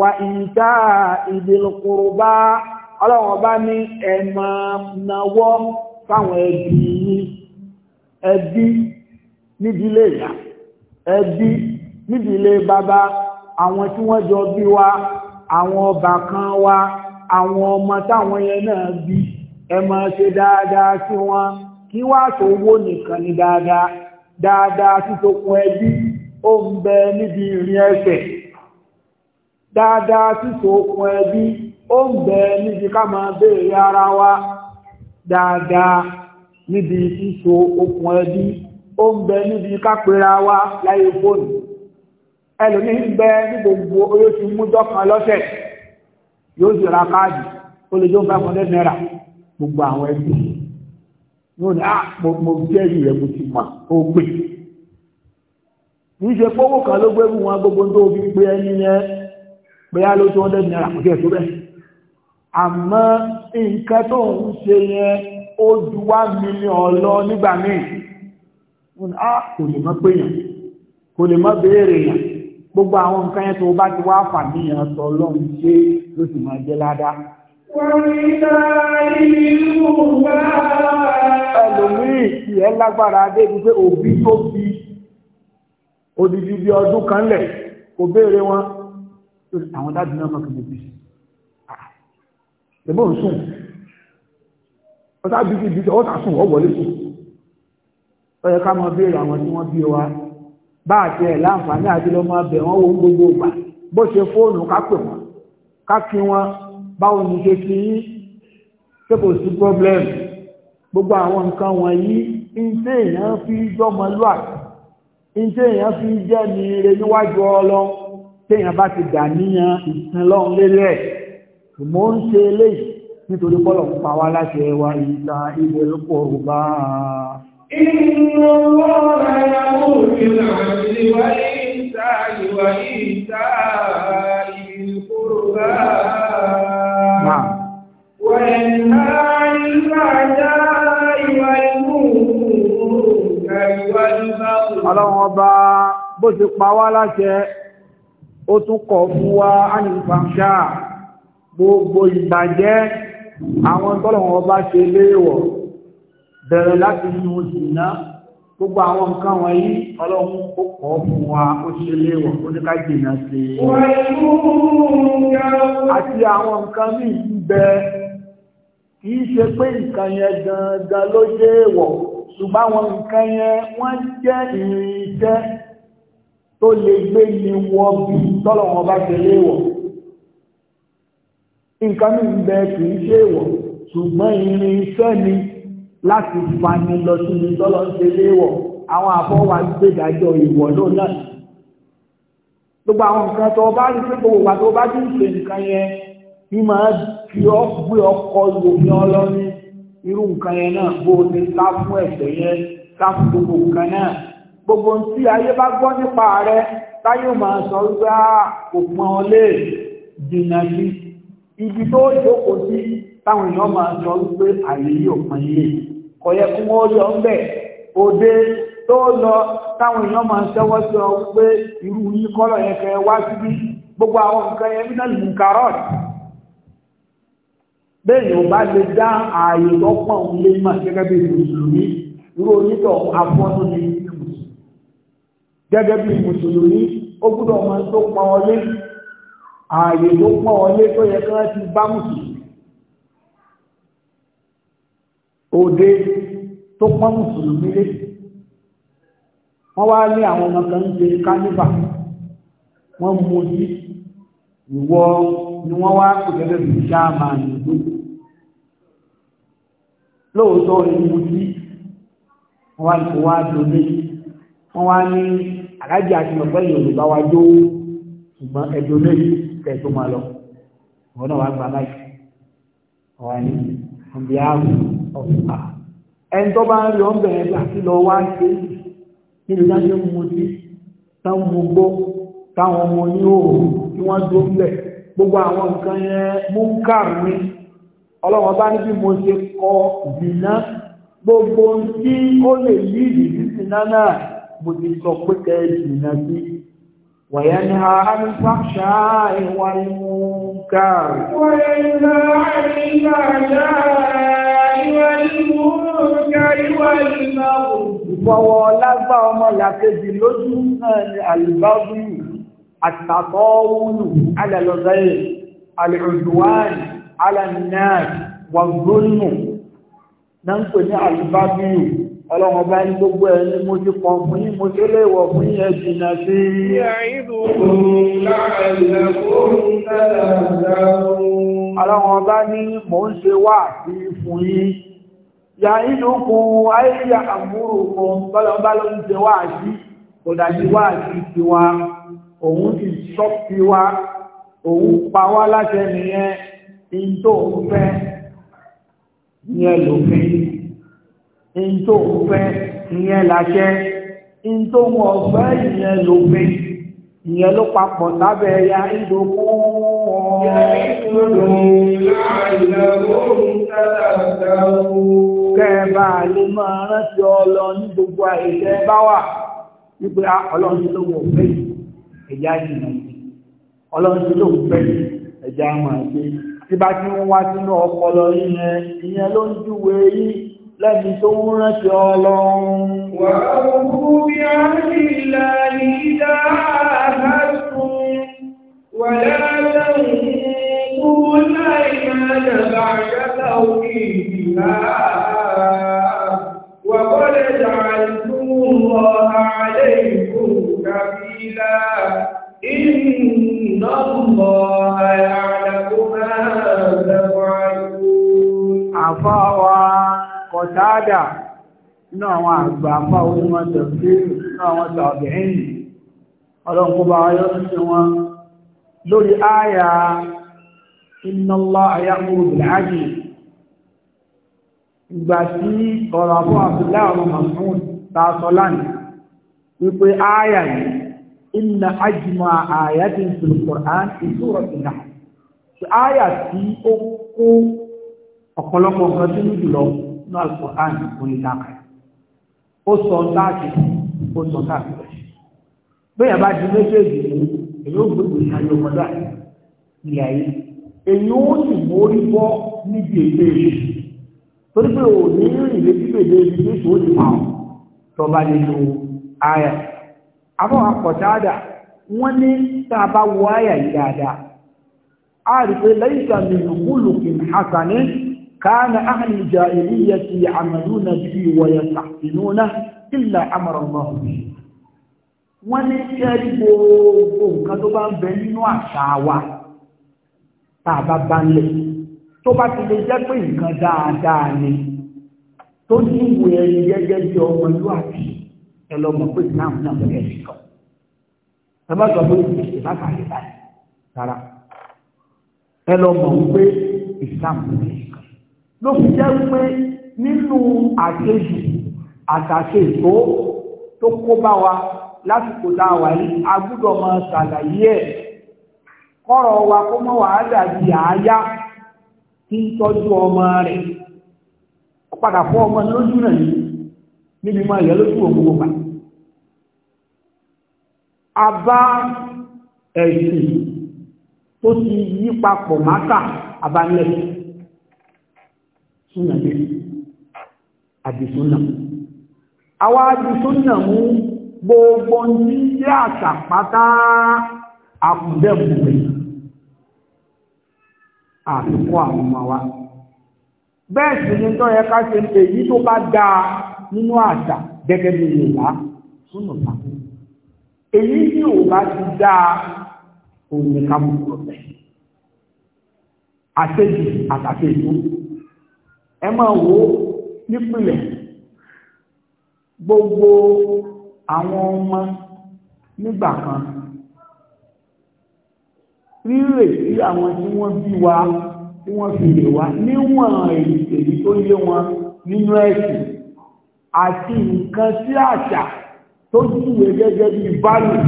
wa ìta ìdílùkùrù bá ọlọ́run bá ní ẹ̀mọ̀ náwọ́ fáwọn ẹbí yín ẹbí nídìílé ìyá ẹbí nídìílé bàbá àwọn tí wọ́n jọ bí wa àwọn ọba kan wá àwọn ọmọ táwọn yẹn náà bí ẹ ṣe dáadáa sí wọn kí wá sówó nìkan ni dáadáa dáadáa títokun ẹbí ó ń bẹ níbi ìrìn ẹsẹ̀ dáadáa títokun ẹbí ó ń bẹ níbi ká máa béèrè ara wa dáadáa níbi síso okùn ẹbí ó ń bẹ níbi ká pera wa láyé fóònù ẹlòmí ń bẹ ní gbogbo olóṣù mújọ́ kan lọ́sẹ̀ yóò sì ra káàdì ó lè jó five hundred naira gbogbo àwọn ẹbí yóò ní ah, mo jẹ́rìí rẹ̀ mo ti mà ó pè kì í ṣe fowó kan ló gbé wọn gbogbo tó fi pé ẹni yẹn bóyá ló tó hundred naira kò tiẹ̀ tó bẹ́ẹ̀ àmọ́ nǹkan tó ń ṣe yẹn ó ju wá mílíọ̀n lọ nígbà míì ah, kò lè má pé yàn kò lè má béèrè yàn gbogbo àwọn nǹkan yẹn tó bá ti wá fàmíyàn sọ lọ́run ṣe ló sì máa jẹ́ ládàá. ẹlòmíì tí ẹ lágbára débi pé òbí tó fi odidi bí ọdún kan lẹ̀ kò béèrè wọn àwọn dájú náà mọ̀kì lè bí i ẹ̀bọ́n sùn ọ̀tá bí i ọ̀tá sùn ọ̀wọ́lé sùn ó yẹ béèrè àwọn tí wọ́n bí wa bá àti ẹ̀ láǹfààní àti lọ máa bẹ̀ wọ́n wo gbogbo ìgbà bó ṣe fóònù ká pè wọ́n ká kí wọ́n báwo ni ṣe ti yí ṣé kò sí problem gbogbo àwọn nǹkan wọ̀nyí iṣẹ́ èèyàn fi jọmọlúwàbí iṣẹ́ èèyàn fi jẹ́ ní ire níwájú ọlọ́run téèyàn bá ti dà níyan ìsìn lọ́run lélẹ̀ mò ń ṣe eléyìí nítorí bọ́lọ̀ pa wá láṣẹ wa ìta ilẹ̀ lọ́pọ̀ òbá. إن الله يأمر بالعدل والإحسان وإيتاء ذي القربى وينهى عن الفحشاء والمنكر والبغي Ọlọ́run ọba bó ti pa wá láṣẹ, ó tún kọ̀ fún wa ánìfàṣà gbogbo ìbàjẹ́ àwọn tọ́lọ̀wọ̀n ọba ṣe léèwọ̀ bẹ̀rẹ̀ láti inú ìsìnná gbogbo àwọn nǹkan wọ̀nyí ọlọ́run ó kọ́ fún wa ó ṣe léwọ̀ ó ní ká jìnà sí àti àwọn nǹkan míì ń bẹ kìí ṣe pé nǹkan yẹn gangan ló jẹ́ èèwọ̀ ṣùgbọ́n àwọn nǹkan yẹn wọ́n jẹ́ ìrìn iṣẹ́ tó lè gbé ni wọ bí tọ́lọ̀wọ́n bá ṣe léèwọ̀ nǹkan míì ń bẹ kìí ṣe èèwọ̀ ṣùgbọ́n ìrìn iṣẹ́ ni láti fani lọ síbi tọ́lọ́ ń ṣe léèwọ̀ àwọn àfọwà gbẹ̀dájọ́ ìwọ̀ ló náà gbogbo àwọn nǹkan tó bá rí pé gbogbo wa tó bá ti ń ṣe nǹkan yẹn bí máa fi ọ gbé ọkọ lòmìn ọlọ́rin irú nǹkan yẹn náà bó o ti sá fún ẹ̀ṣẹ̀ yẹn sá fún gbogbo nǹkan náà gbogbo tí ayé bá gbọ́ nípa rẹ táyé máa sọ wípé kò pọn ọ lè dènà sí ibi tó jókòó sí táwọn èèyàn máa sọ wípé àyè yóò pọn ilé kọ̀yẹ kí wọ́n yọ ń bẹ̀ òde tó lọ táwọn èèyàn máa ń tẹ́wọ́ sí ọ pé irú yín kọ́lọ̀ yẹn kẹ wá síbí gbogbo àwọn nǹkan yẹn bí náà lè mú kárọ̀tì bẹ́ẹ̀ ò bá lè dá ààyè lọ́pọ̀ òun lè máa gẹ́gẹ́ bí mùsùlùmí irú onítọ̀ afọ́nú ni gẹ́gẹ́ bí mùsùlùmí ó gbúdọ̀ máa tó pọ̀ ọlé ààyè tó pọ̀ ọlé tó yẹ kí wọ́n ti bá mùsùlùmí òde tó pọ́n mùsùlùmí lé wọ́n wá ní àwọn ọmọ kan ń ṣe kánífà wọ́n mú ojú ìwọ ni wọ́n wá kò gẹ́gẹ́ bí sáàmà nìgbò lóòótọ́ ìlú ojú wọ́n wá kò wá dòde wọ́n wá ní àlájì àti ọ̀pẹ́ yorùbá wa jó ṣùgbọ́n ẹ̀dọ́ lẹ́yìn kẹ́ẹ̀tọ́ máa lọ wọ́n náà wá gba láì ọ̀wá ní ọ̀bí ààrùn ọ̀fà ẹ̀ńtọ́ bá rí ọ̀bẹ̀ ẹ̀dá lọ wá sí nínú dájú mu táwọn mo táwọn ọmọ tí dúró gbogbo àwọn nǹkan yẹn mú kàrí ọlọ́wọ́n bá níbi mo ṣe kọ ìdìná gbogbo tí ó lè yí ìdìdí sí náà mo ti sọ pé sí Ìfọwọ́ lágbà ọmọ làkejì lójú náà ni àlùbáwí àtàkọ́ wúlù alẹ́lọ́gbẹ̀ẹ́, alẹ́rọ̀dùwárì, alẹ́nàà, wàgbónù, náà ń pè ní àlùbáwí ọlọ́run bá ní gbogbo ẹ̀ ní mo ti kàn fún yín mo tó léèwọ̀ fún yín ẹ jìnnà sí i. ọlọ́run bá ní mò ń ṣe wá sí fún yín yàídùkùn ayéyà àmúrù kan bọ́lọ́bá ló ń ṣe wá sí kò dàbí wá sí tiwa òun ti sọ tiwa òun pa wá láti ẹnìyẹn ní tó fẹ́ ní ẹlòmíín in tó ń fẹ́ ìyẹn làṣẹ in tó ń ọ̀fẹ́ ìyẹn lòfin ìyẹn ló papọ̀ lábẹ́ ẹ̀yà ìdókòwò kẹ́ẹ̀bà lè máa rántí ọlọ ní gbogbo àìsẹ́ bá wà wípé ah, ọlọ́run tó wọ̀ fẹ́ ẹ̀yà ìrìnà ọlọ́run tó wọ̀ fẹ́ ẹ̀yà máa ṣe tí bá tí wọ́n wá sínú ọpọlọ yìí yẹn ìyẹn ló ń júwe yìí لَمْ تُنْتَ اللَّهِ إِذَا عَهَدْتُمْ وَلَا تَنْقُونَ إِمَنَ بَعْشَ تَوْكِيهِمَا وَقَدْ جَعَلْتُمُ اللَّهَ عَلَيْكُمْ كَبِيلًا إِنَّ اللَّهَ يَعْلَكُمَا تَفْعَلُونَ Kọ̀tádà inú àwọn àgbà apá onímọ̀ tẹ̀sí inú àwọn tàbíìn ọlọ́nkọba ayọ́ sí wọn lórí àyà inna Allaha ya'muru ìgbà tí ọ̀rọ̀ àpọ̀ Abdullahi ọmọ Mas'ud ta sọ wípé àyà yìí inna ajma ayatin fil Qur'an fi surati ọ̀pọ̀lọpọ̀ ní alukur'an onídàkà ó sọ láti ó sọ láti rẹ̀ bẹ́ẹ̀ bá di méjèèjì ní èyí ó gbogbo ìsáyé ọmọdé àti ilẹ̀ ayé èyí ó sì mórí bọ́ níbi èdè rẹ̀ torí pé ò ní rìn létí èdè rẹ̀ ní ìṣòwò ti pa ọ́ tọ́ba lè lo ayà àwọn akọ̀tàdà wọ́n ní tá a bá wọ ayà yìí dáadáa a rí pé lẹ́yìn kan ní ìlú kúlùkì hasanin كان أهل الجاهلية يعملون به ويستحسنونه إلا أمر الله به wọ́n ní kẹ́rí gbogbo nǹkan tó bá ń bẹ nínú àṣà wa tá a bá bá ń lẹ̀ tó bá ti lè jẹ́ pé nǹkan dáadáa ni tó ní ìwé ẹni gẹ́gẹ́ bí ọmọ ìlú àti ẹlọmọ pé náà náà bẹ̀rẹ̀ sí ẹ bá sọ pé ìṣèlú bá kàlẹ́ báyìí rárá ẹlọmọ wípé ìsìlámù ní ìṣ ló fi jẹ́ pé nínú àṣejù àtàṣe ètò tó kó bá wa lásìkò dáwà yìí a gbúdọ̀ máa ṣàlàyé ẹ̀ kọ́rọ̀ wa kó mọ́ wàá dàbí àáyá tí ń tọ́jú ọmọ rẹ̀ padà fọ́ ọmọ lójú náà yìí níbi máa lójú a bá ẹ̀sìn tó ti súnà lé àdìsúnà àwọn àdìsúnà mú gbogbo ní ilé àṣà àwọn ọmọ wa ni tó yẹ ká ṣe èyí tó bá dáa nínú àṣà gẹ́gẹ́ bí Yorùbá súnà pàtó èyí tí ti ẹ máa wò ó nípìnlẹ̀ gbogbo àwọn ọmọ nígbà kan rírè sí àwọn tí wọ́n bí wa tí wọ́n fi lè wá níwọ̀n èyí tó yé wọn nínú ẹ̀sìn àti nǹkan sí àṣà tó júwe gẹ́gẹ́ bí báyìí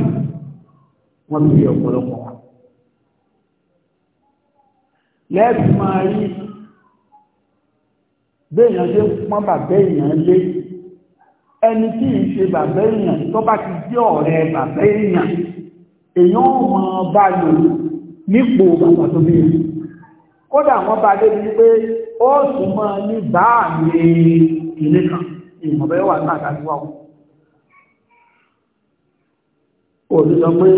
wọ́n fi ọ̀pọ̀lọpọ̀ wa lẹ́ẹ̀sì máa rí béèyàn ṣe ń pọ́n bàbá èèyàn lé ẹni tí ì ṣe bàbá èèyàn tó bá ti jẹ́ ọ̀rẹ́ bàbá èèyàn èèyàn mọ̀ bá lò nípò bàbá tó bí kódà wọ́n bá dé ní pé ó sì mọ́ ní báà ní ilé kan ìmọ̀ bẹ́ẹ̀ wà náà kájú wà ó ti sọ pé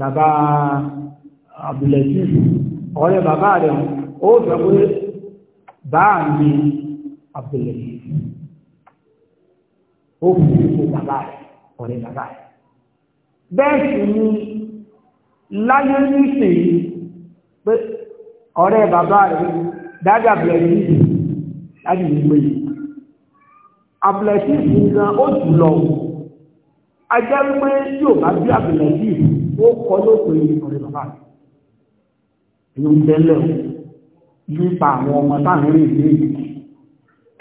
bàbá Abdulaziz ọ̀rẹ́ bàbá rẹ̀ ó sọ pé báà mi abdullahi ó fi ipò bàbá rẹ̀ ọ̀rẹ́ bàbá rẹ̀ bẹ́ẹ̀ sì ni láyé nísìnyí pé ọ̀rẹ́ bàbá rẹ̀ dáadáa abdullahi láti ní pé abdullahi fi gan ó jù lọ ajá wípé yóò bá bí abdullahi ó kọ́ lópin ọ̀rẹ́ bàbá rẹ̀ èyí ń bẹ́ẹ̀ lẹ́wọ̀n. nípa àwọn ọmọ táàrin rí ìlú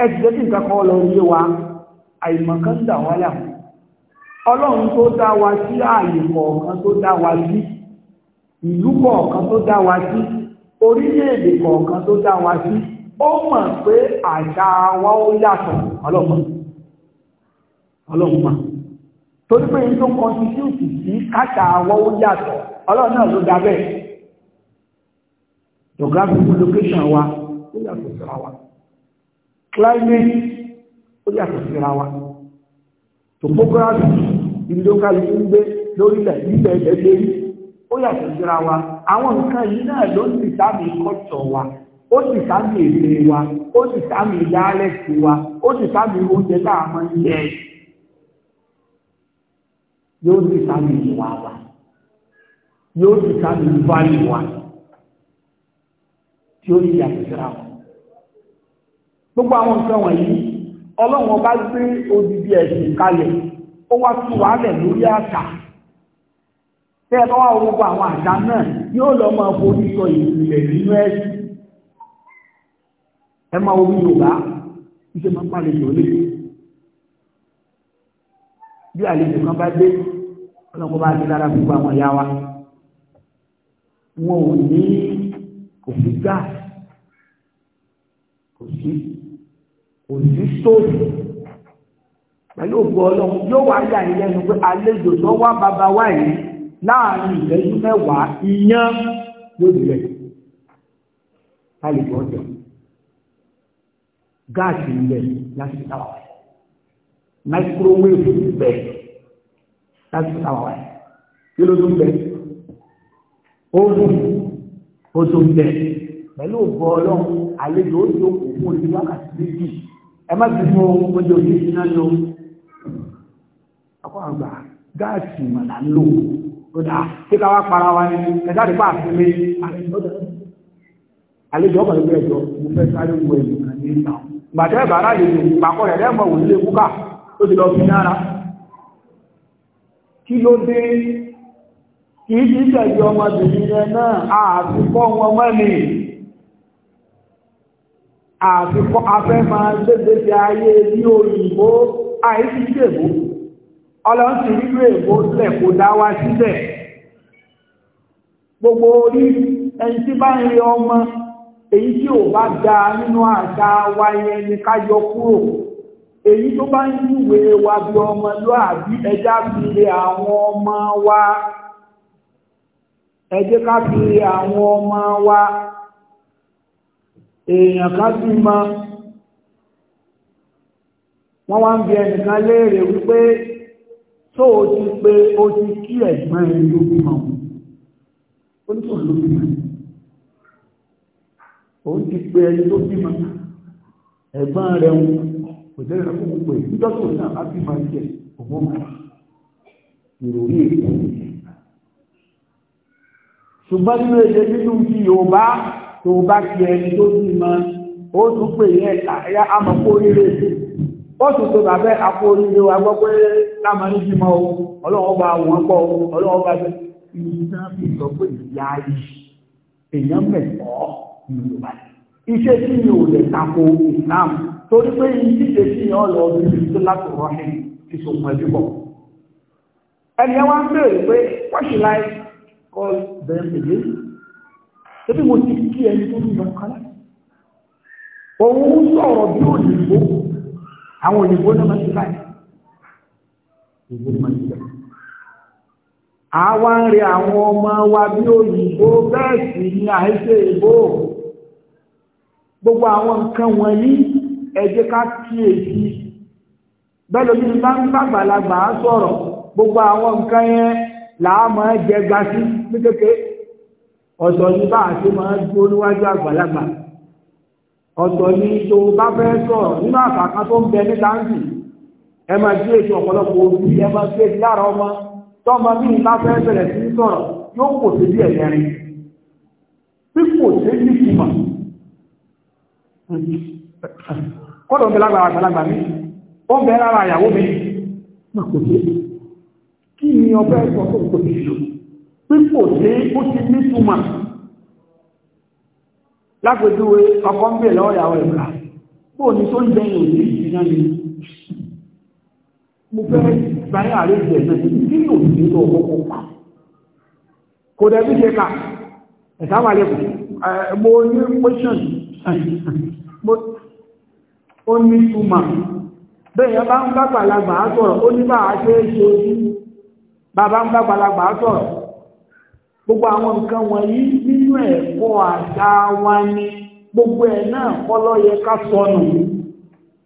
ẹ̀jẹ̀ tí nǹkan lọ yé wa dà ọlọ́run tó dá wa sí ààyè kọ̀ọ̀kan tó dá wa sí ìlú kọ̀ọ̀kan tó dá wa sí orílẹ̀-èdè kọ̀ọ̀kan tó dá wa sí ó mọ̀ pé àṣà wa ó yàtọ̀ ọlọ́mọ torí pé tó sí káṣà wa ó yàtọ̀ geographical location wa ó yàtọ̀ síra wa climate ó yàtọ̀ síra wa topography ibi ń gbé lórílẹ̀ nílẹ̀ ẹgbẹ́ ó yàtọ̀ síra wa àwọn nǹkan yìí náà ló ń sáàmì kọ́tọ̀ wa ó wa ó sáàmì wa ó sáàmì oúnjẹ tá a máa ń yóò tí ó yíyà síra wọn gbogbo àwọn nǹkan wọ̀nyí ọlọ́run bá gbé odidi ẹ̀sìn kalẹ̀ ó wá tú wàhálẹ̀ lórí àṣà tẹ́ ẹ bá wà gbogbo àwọn àṣà náà yóò lọ máa forí sọ ìpìlẹ̀ nínú ẹ̀sìn ẹ máa orí yorùbá iṣẹ́ máa ń pàlejò lé bí àlejò kan bá dé ọlọ́run bá ti dára gbogbo àwọn ìyá wa wọn ò ní í kò sí gáàsì kò sí kò sí stóòfù pẹ̀lú ògbó ọlọ́run yóò wá yà ní lẹ́nu pé àlejò tó wá bàbá wa yìí láàrin ìṣẹ́jú mẹ́wàá iyán yóò dilẹ̀ lálejò ọjọ́ gáàsì ilẹ̀ láti táwa wáyé máikrówéèfù bẹ̀ láti táwa wáyé kí ló tún bẹ̀ ó fún ó tó bẹ̀ pẹ̀lú ògbọ́ ọlọ́run àlejò ó tó kò fún orí wákàtí méjì ẹ má fi mú oúnjẹ òní iná lọ ọkọ̀ àgbà gáàsì màlá ń lò ó dà kí ká wá para wa ni ẹ̀dá àdúgbò àfihàn àlejò ọkọ̀ ìgbẹ́ ẹ̀jọ́ mo fẹ́ sáré wo ẹ̀yìn kan ní ìta gbàtẹ́ ìbára lè lò pàkọ́ rẹ̀ lẹ́mọ̀ òun lè kúkà ó ti lọ fi nára kí ló dé kìí ti tẹ̀jú ọmọbìnrin rẹ̀ náà àfikọ́ wọn mẹ́lì àfikọ́ afẹ́ máa gbẹ́gbẹ́ ti ayé ní òyìnbó àìsí ìdèbò ọlọ́sí nínú èbó lẹ̀ kò dáwà sílẹ̀ gbogbo orí ẹni tí bá ń rí ọmọ èyí tí ò bá da nínú àṣà wa yẹn ni ká yọ kúrò èyí tó bá ń yúwèé wa bí ọmọ lọ́àbí ẹjá fi lè àwọn ọmọ wa ẹ jẹ́ ká fi àwọn ọmọ wa èèyàn ká sí ma wọ́n wá ń bi ẹnìkan léèrè wípé tó o ti pé o ti kí ẹ̀gbọ́n ẹni ló bímọ ó ní sọ̀rọ̀ ló bímọ òun ti pé ẹni ló bímọ ẹ̀gbọ́n rẹ̀ ń kò jẹ́ ìrẹ́pọ̀ pé nítorí òun náà á bímọ ẹ̀jẹ̀ òun mọ̀ ìròyìn èkó ṣùgbọ́n nínú èdè nínú ti Yorùbá tó bá fi ẹni tó sì mọ ó tún pè ní ẹ̀ka ẹ̀yà àmọ́ kó rírẹ̀ sí ó tún tó bàbẹ́ àpò oríire wa gbọ́ pé láàmú ní bímọ o ọlọ́wọ́ bá wọn pọ̀ o ọlọ́wọ́ bá bẹ ìyá fi sọ pé ìyá yìí èèyàn mẹ̀tọ́ ní Yorùbá iṣẹ́ tí mi ò lè tako Islam torí pé ìdíje sí ìyàn lọ sí ìdíje láti rọ́ọ̀hìn ti sòkun ẹbí bọ̀ ẹni ẹ wá ń béèrè pé wọ́n ṣì láì call them again ṣébí mo ti kí ẹni tó ní ìmọ̀ kálá òun sọ̀rọ̀ bí òyìnbó àwọn òyìnbó náà máa ti láì òyìnbó máa ti láì àwa ń rí àwọn ọmọ wa bí òyìnbó bẹ́ẹ̀ sì ni àìsè ìbò gbogbo àwọn nǹkan wọ̀nyí ẹ jẹ́ ká kíyèsí bẹ́ẹ̀ lójú bá ń bàgbàlagbà sọ̀rọ̀ gbogbo àwọn nǹkan yẹn láàmọ́ jẹ gbásí ní kékeré ọ̀tọ̀ ní bá àti máa dúró níwájú àgbàlagbà ọ̀tọ̀ ní tó bá fẹ́ sọ̀rọ̀ nínú àkàkà tó ń bẹ ní táǹkì ẹ máa gbé ètò ọ̀pọ̀lọpọ̀ ojú ẹ máa gbé ètò lára ọmọ tọ́mọ bí ìbá fẹ́ bẹ̀rẹ̀ sí sọ̀rọ̀ yóò kò sí bí ẹ̀mẹ́rin tí kò sí ní ìmọ̀ kọ́dọ̀ ń bẹ lágbàlagbà mi ó ń bẹ lára ìyàwó mi kò sí kí ni ọbẹ̀ sọ fún kò ní ìlú pípò tí ó ti ní túmọ̀ lápẹjúwe ọkọ̀ ń bè lọ́ọ̀yàwó ìgbà bóò ní tó ń dẹ̀yìn òní ìdíná ni mo fẹ́ báyìí àárẹ̀ ìjẹ̀ náà kí ni òní tó ọkọ̀ mo ní pọ́ṣọ̀n ó ní túmọ̀ bẹ́ẹ̀ bá ń bá pàlagbà á sọ̀rọ̀ ó ní bá a ṣe é ṣe ojú bàbá ń bá gbalagbà sọ̀rọ̀ gbogbo àwọn nǹkan wọ̀nyí nínú ẹ̀kọ́ wa ni gbogbo ẹ̀ náà kọ́lọ́ yẹ ká sọnù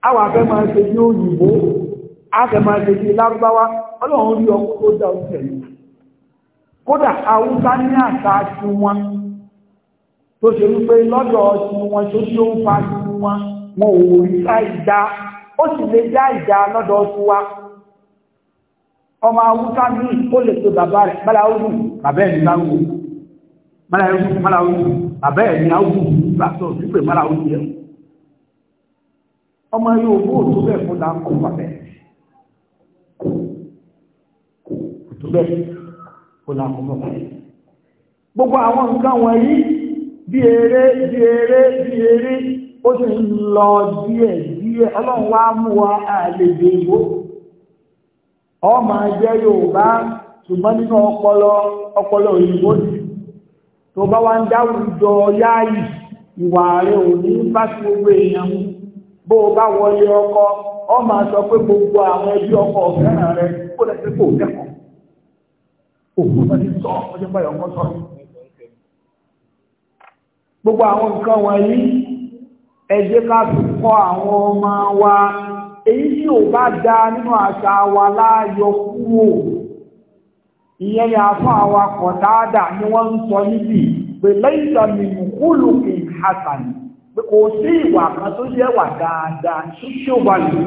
àwọn afẹ́ máa ṣe bí òyìnbó afẹ́ máa ṣe bí lárúbáwá ọlọ́run rí ọkọ̀ tó dá oúnjẹ kódà haúsá ní àṣà tó ṣe wípé lọ́dọ̀ ti tó ṣe ń fa wọn ò rí ká ìdá ó ọmọ awúká ní ó lè tó bàbá rẹ̀ báláwùú bàbá ẹ̀ ní láwùú báláwùú bàbá ẹ̀ ní áwùú bàtọ̀ sípè báláwùú yẹ ọmọ yóò bó tó bẹ́ẹ̀ fún dáńkọ̀ bàbá ẹ̀ tó bẹ́ẹ̀ fún dáńkọ̀ bàbá ẹ̀ gbogbo àwọn nǹkan wọ̀nyí bí eré bí eré bí eré ó sì ń lọ díẹ̀ díẹ̀ ọlọ́run wá mú wa àlejò ìwò ma jẹ́ Yorùbá ṣùgbọ́n nínú ọpọlọ ọpọlọ òyìnbó ni tó bá wá ń dáwùjọ yáàyì ìwà rẹ̀ ò ní bá sí gbogbo èèyàn mú bó o bá wọlé ọkọ ma sọ pé gbogbo àwọn ẹbí ọkọ fẹ́ràn rẹ̀ kó bá ti sọ ọjọ́ ọkọ sọ gbogbo àwọn nǹkan wọ̀nyí ẹ jẹ́ ká wa èyí tí ò bá da nínú àṣà wa láàyọ kúrò ìyẹn ni àfọ́ àwa kọ̀tàádà ni wọ́n ń sọ níbi pé lẹ́yìn ìdàmì kúlùkì hasan pé kò sí ìwà kan tó jẹ́ wà dáadáa ṣíṣe wà lè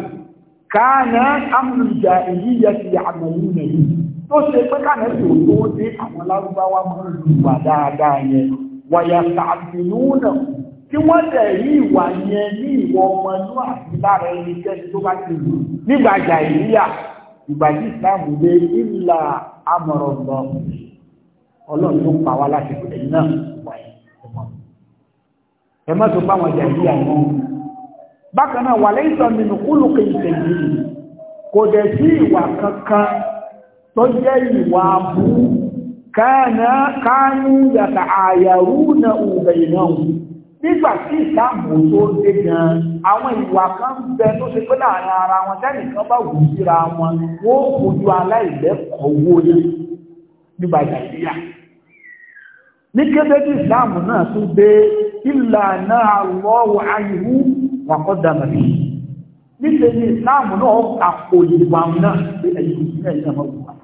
káàná amúlùjà èyí yẹ ti àmọ̀lú nìyí tó ṣe pé káàná tí ò tó dé àwọn lárúbáwá máa lù wà dáadáa yẹn wàyà tàbí náà tí wọ́n tẹ̀ rí ìwà yẹn ní ìwọ ọmọ inú àti lára ẹni kẹ́ni tó bá ti lù nígbà jàìríyà ìgbà tí ìsìláàmù lé ìlà amọ̀rọ̀ lọ ọlọ́run ló ń pa wá láti ẹ̀yìn náà wà yẹn ẹ má tó bá wọn jàìríyà mọ́ bákan náà wà lẹ́yìn sọ nínú kúlùkù ìtẹ̀yìn kò dẹ̀ sí ìwà kankan tó jẹ́ ìwà abú kánú yàtà àyàrú na ùbẹ̀ ìnáwó nígbà tí ìsáàmù tó dé gan àwọn ìwà kan bẹ tó ṣe pé láàrin ara wọn tẹ́nìkan bá wù síra wọn wọ́n kojú aláìlẹ́kọ̀ọ́ wó ní nígbà nàìjíríà ní kété tí ìsáàmù náà tún dé ìlànà àwọ̀wọ̀ ayìwú wàkọ́dà mẹ́rin níṣẹ́ ni ìsáàmù náà kàpò ìwà náà pé ẹ̀yìn ìsìnlẹ̀ ìjọba wù wá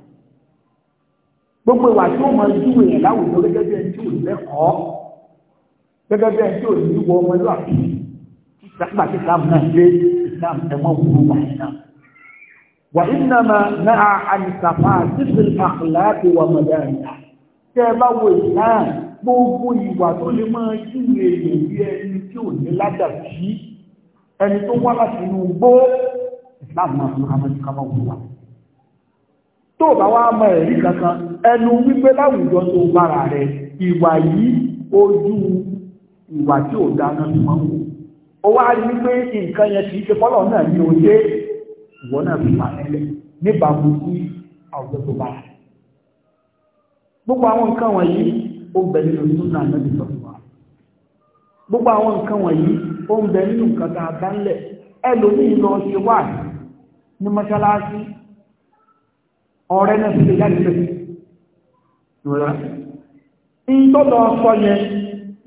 gbogbo ìwà tí ó mọ ìjúwe ẹ̀ láwùjọ gẹ́gẹ́ bí ẹni tí ò lẹ́kọ̀ọ́ gẹ́gẹ́ bẹ́ẹ̀ tí ò ní wọ ọmọ ìlú àti ìsàgbà tí sáà náà lé ìsàmù ẹ̀mọ́ wúrú wà ní náà. wà ìnàmà náà àyíkàfà sísèlè àkùláàdì wà mọ̀dáyà tẹ́ ẹ bá wo ìsàn gbogbo ìwà tó lè máa júwe èèyàn bí ẹni tí ò ní ládàbí ẹni tó wá láti inú gbó ìsàmù náà fún amadu kama wúrú wà. tó o bá wá mọ ẹ̀rí kankan ẹnu wípé láwùjọ tó bára rẹ̀ ìwà yìí ojú ìwà tí ò dáná tí wọ́n wò ó wá rí pé nǹkan yẹn kìí ṣe fọ́lọ̀ náà ní oyé ìwọ náà fi pàtẹ́lẹ̀ níbàmú sí àwùjọ tó bá gbogbo àwọn nǹkan wọ̀nyí ó bẹ nínú súnà náà ti sọ̀rọ̀ wa gbogbo àwọn nǹkan wọ̀nyí ó ń bẹ nínú nǹkan tá a bá ń lẹ̀ ẹlòmíì lọ ṣe wà ní mọ́ṣáláṣí ọ̀rẹ́ náà fi lè jáde lẹ́sìn ìtọ́lọ ọkọ yẹn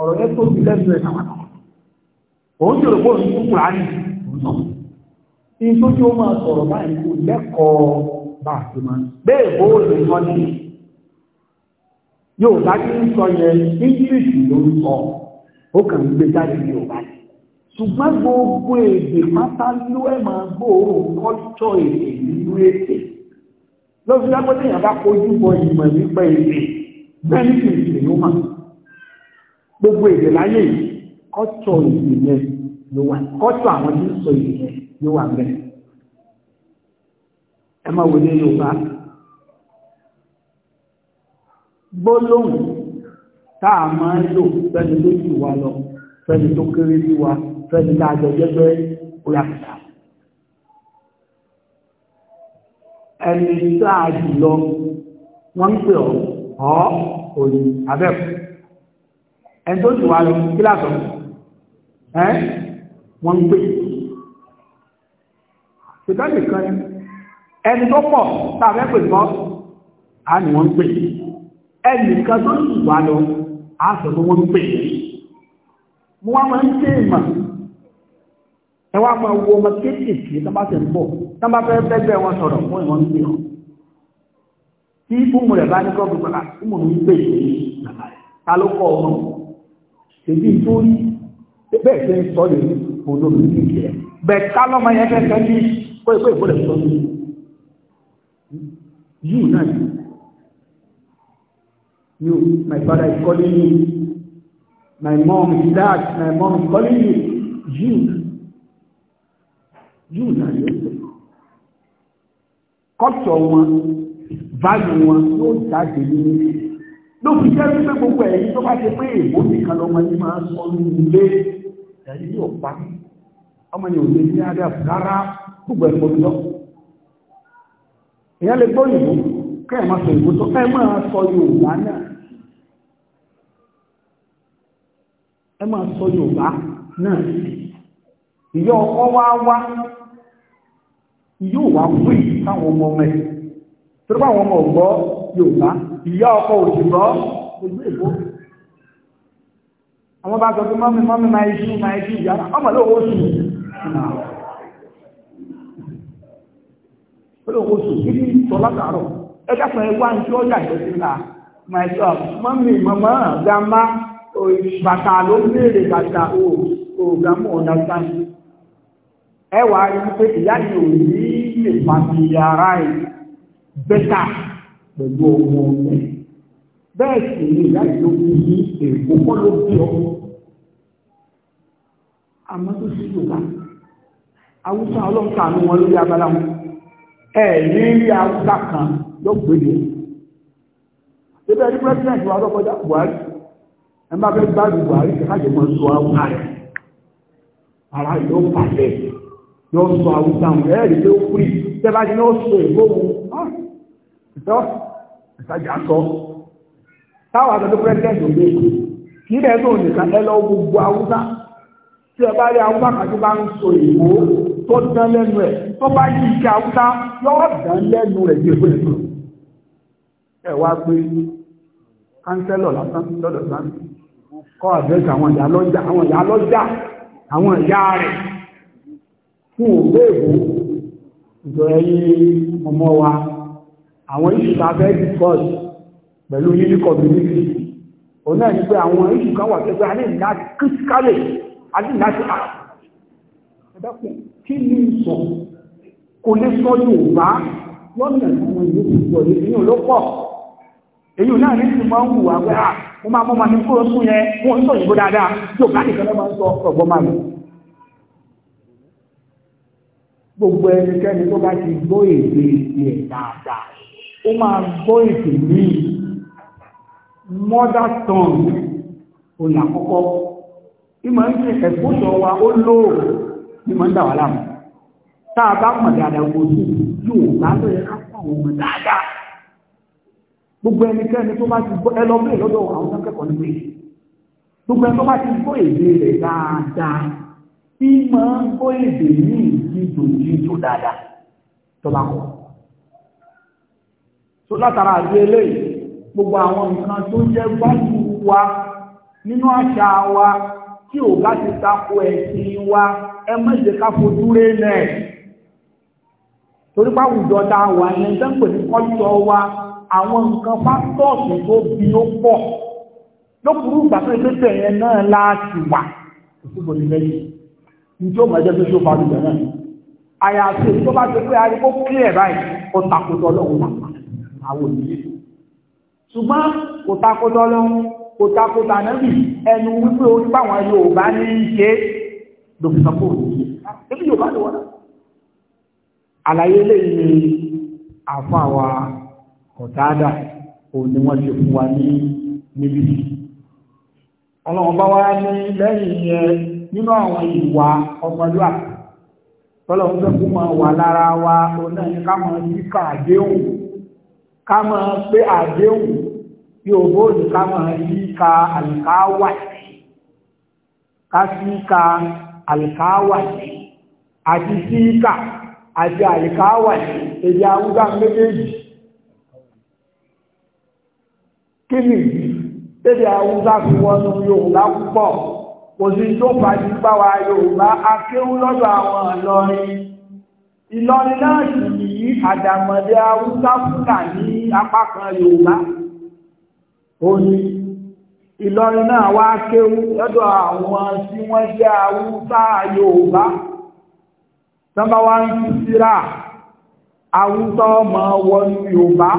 ọ̀rọ̀ yẹn tó ti lẹ́nu ẹ̀ náà òun jòrò pé òun tún kùrà ní ọ̀nà tí tó tí ó máa sọ̀rọ̀ báyìí kò lẹ́kọ̀ọ́ bá a ti máa bẹ́ẹ̀ bó lè sọ ní yóò bá kí ń sọ yẹn English ló ń sọ ó kàn ń gbé jáde ní Yorùbá ni ṣùgbọ́n gbogbo èdè pátá ló ẹ̀ máa gbòòrò kọ́tọ̀ èdè nínú èdè lọ́sọ̀rọ̀ pé téèyàn bá kojú bọ ìmọ̀ nípa èdè bẹ́ẹ̀ ní kìrìkìrì máa gbogbo èdè láyé yìí kọ́tọ̀ èdè yẹn ló wà kọ́tọ̀ àwọn tí ń sọ èdè yẹn ló wà bẹ́ẹ̀. ẹ máa wo ní yorùbá gbólóhùn tá a máa ń lò fẹ́ni tó jù wá lọ fẹ́ni tó kéré sí wa fẹ́ni tá a jọ jẹ́gbẹ́ ó yàtọ̀. ẹni tá a jù lọ wọ́n ń pè ọ́ ọ́ òní abẹ́kù ẹni tó jù wá lọ kí látọ̀ ẹ́ wọ́n ń pè ṣùgbọ́n nìkan ẹni tó pọ̀ tàbí pè mọ́ a ní wọ́n ń pè ẹnìkan tó jù wá lọ a sọ pé wọ́n ń pè mo wá máa ń tẹ́ ìmọ̀ ẹ wá máa wo ọmọ kéékèèké tó bá ti ń bọ̀ tó bá fẹ́ bẹ́gbẹ́ wọn sọ̀rọ̀ fún ìwọ̀n ń pè ọ́ tí fúnmù rẹ̀ bá ní kọ́ gbogbo ọ̀la ah, fúnmù ń pè é ta ló kọ́ ọmọ èdè ìtórí bẹ́ẹ̀ tẹ́ ń sọ yìí olóòrùn ní ìjẹ́ bẹ́ẹ̀ ká lọ́mọ yẹn fẹ́ẹ́ ní kó ìpé ìfúnlẹ̀ sọ ní yìí náà yìí you my father is calling me. my mom is dad my mom is calling you you you náà yìí kọ́tọ̀ wọn báyìí wọn yóò jáde nínú ló fi jẹ́ wípé gbogbo ẹ̀yìn tó bá ti pé èbó nìkan lọ́mọ ní máa sọ ní ilé yóò pa ọmọ ni ò lè ní adá rárá gbogbo ẹ̀kọ́ lọ ìyá lè gbọ́ ìbò kẹ́ ẹ̀ máa sọ ìbò tó ẹ máa sọ Yorùbá náà ẹ máa sọ Yorùbá náà ìyá ọkọ wá wá ìyá òwà wí káwọn ọmọ mẹ torí báwọn ọmọ ọgbọ Yorùbá ìyá ọkọ òṣìbọ́ ojú èbó àwọn bá sọ pé mọ́mí mọ́mí máa iṣu máa iṣu ìyá ọmọ lóòwò oṣù lóòwò oṣù kí ní sọ látàárọ̀ ẹgbẹ́ fún ẹgbẹ́ àwọn tí ó yà ìjọ sí la my job mọ́mí mọ́mọ́ gàmá bàtà ló o ò gàmú ọ̀dà sáyẹn ẹ wàá rí pé ìyá yìí ò ní lè pàṣẹ yàrá ẹ bẹ́tà pẹ̀lú ọmọ ọmọ bẹ́ẹ̀ sì ni ìyá ìlógún ní èkó kọ́ ló bí ọ àmọ́ tó sí yorùbá awúsá ọlọ́ǹkà ní wọn lórí abala wọn ẹ ní rí awúsá kan yóò gbélé ebe ẹni president wa lọ́kọjá buhari ẹ má fẹ́ gbádùn buhari kí káàdì mọ́ sọ awúsá rẹ̀ ara yóò pàṣẹ yóò sọ awúsá rẹ̀ ẹ̀rí tó kúrì tẹ́bájú ní ó sọ ìgbóhùn ah! ìtọ́ ìsájà sọ táwọn àgbẹ̀dọ̀ pẹ́sidẹ́ntì òde kì í dẹ́nu ẹ lọ gbogbo haúsá tí ẹ bá rí haúsá kàtí bá ń sọ èèwò tó dán lẹ́nu ẹ̀ tó bá yí ike haúsá yóò dán lẹ́nu rẹ̀ bí èkó ẹ̀ tó ẹ wá gbé kánsẹ́lọ̀ lásán lọ́dọ̀ sáńtì kọ́ àdírẹ́sì àwọn ìyá lọ́jà àwọn ìyá lọ́jà àwọn ìyá rẹ̀ fún òbẹ́ẹ̀bù ìjọ ẹyí ọmọ wa àwọn iṣu tá a fẹ́ discuss pẹ̀lú yìí community òun náà ní pé àwọn iṣu kan wà pẹ́pẹ́ a kírísíkálẹ̀ a ní ìlà sí àdàpọ̀ kí ni sọ kò lè sọ Yorùbá lọ́nà àwọn ìlú gbogbo ìlú ló pọ̀ èyí náà ní ti máa ń wù wá pé à ah, mo máa mọ́ máa ní kúrò sún yẹn wọ́n ń sọ ìbò dáadáa tí òkà nìkan lọ́ máa ń sọ ọ̀gbọ́n máa lò. gbogbo ẹnikẹ́ni tó bá ti gbọ́ èdè ìpìlẹ̀ dáadáa ó máa gbọ́ èdè míì mother tongue òun àkọ́kọ́ ìmọ̀ ń ṣe ẹ̀kọ́jọ wa ó lóòrò ìmọ̀ ń dàwà láàmù tá a bá mọ̀ dáadáa kò sí yóò bá ló yẹ ká fún àwọn ọmọ dáadáa gbogbo ẹnikẹ́ni tó bá ti gbọ́ ẹ lọ bẹ́ẹ̀ lọ́dọ̀ àwọn akẹ́kọ̀ọ́ nígbè gbogbo ẹni tó bá ti gbọ́ èdè rẹ̀ dáadáa ìmọ̀ ń gbọ́ èdè ní ìdíjò ìdíjò dáadáa tó bá kọ̀ tó látara àti eléyìí gbogbo àwọn nǹkan tó jẹ́ gbọ́dù wa nínú àṣà wa tí ò bá ti tako ẹ̀sìn wa ẹ mẹ́jẹ ká fojú ré lẹ̀ torí pàwùjọ ta wà ní ẹgbẹ́ pè ní kọ́jọ wa àwọn nǹkan pásítọ̀ọ̀sì tó bí ó pọ̀ lókùrú ìgbà tó ṣe tẹ̀yẹ náà láti wà òṣùgbò ní lẹ́yìn ní tí ó mọ̀ tó ṣe ó fa lùgbẹ̀ náà àyàfi tó bá ṣe pé arigbó kílẹ̀ báyìí ó takòtò ọlọ́run pàpà àwọn òbí ṣùgbọ́n kò takótọ́ lọ́wọ́ kò takótọ́ ànábì ẹnu wípé orí báwọn Yorùbá ní í ṣe dókítà kò ní í ṣe ah, Yorùbá ló wọ́n àlàyé lẹ́yìn ni àfọ́ àwa ọ̀tádà òun ni wọ́n ṣe fún wa ní níbi ọlọ́run bá wá ní lẹ́yìn yẹn nínú àwọn ìwà ọmọlúwà tọ́lọ́run fẹ́ kó máa wà lára wa òun náà ká máa yí kàdéhùn ká mọ̀ pé àdéhùn yóò bó ní ká mọ̀ yíka àlùkáwà sí ká síka àlùkáwà sí àti síka àti àlùkáwà sí èdè awúgbà méjèèjì kí ni ìdí èdè awúgbà fi wọnú Yorùbá púpọ̀ kò sí tó fàájú bá Yorùbá akéwú lọ́dọ̀ àwọn Ìlọrin Ìlọrin náà sì yìí àdàmọ̀dé haúsá fúnà ní apá kan yorùbá ó ní ìlọrin náà wá kéwú lọ́dọ̀ àwọn tí wọ́n jẹ́ haúsá yorùbá tọ́ba wá ń tú síra haúsá ọmọ wọnú yorùbá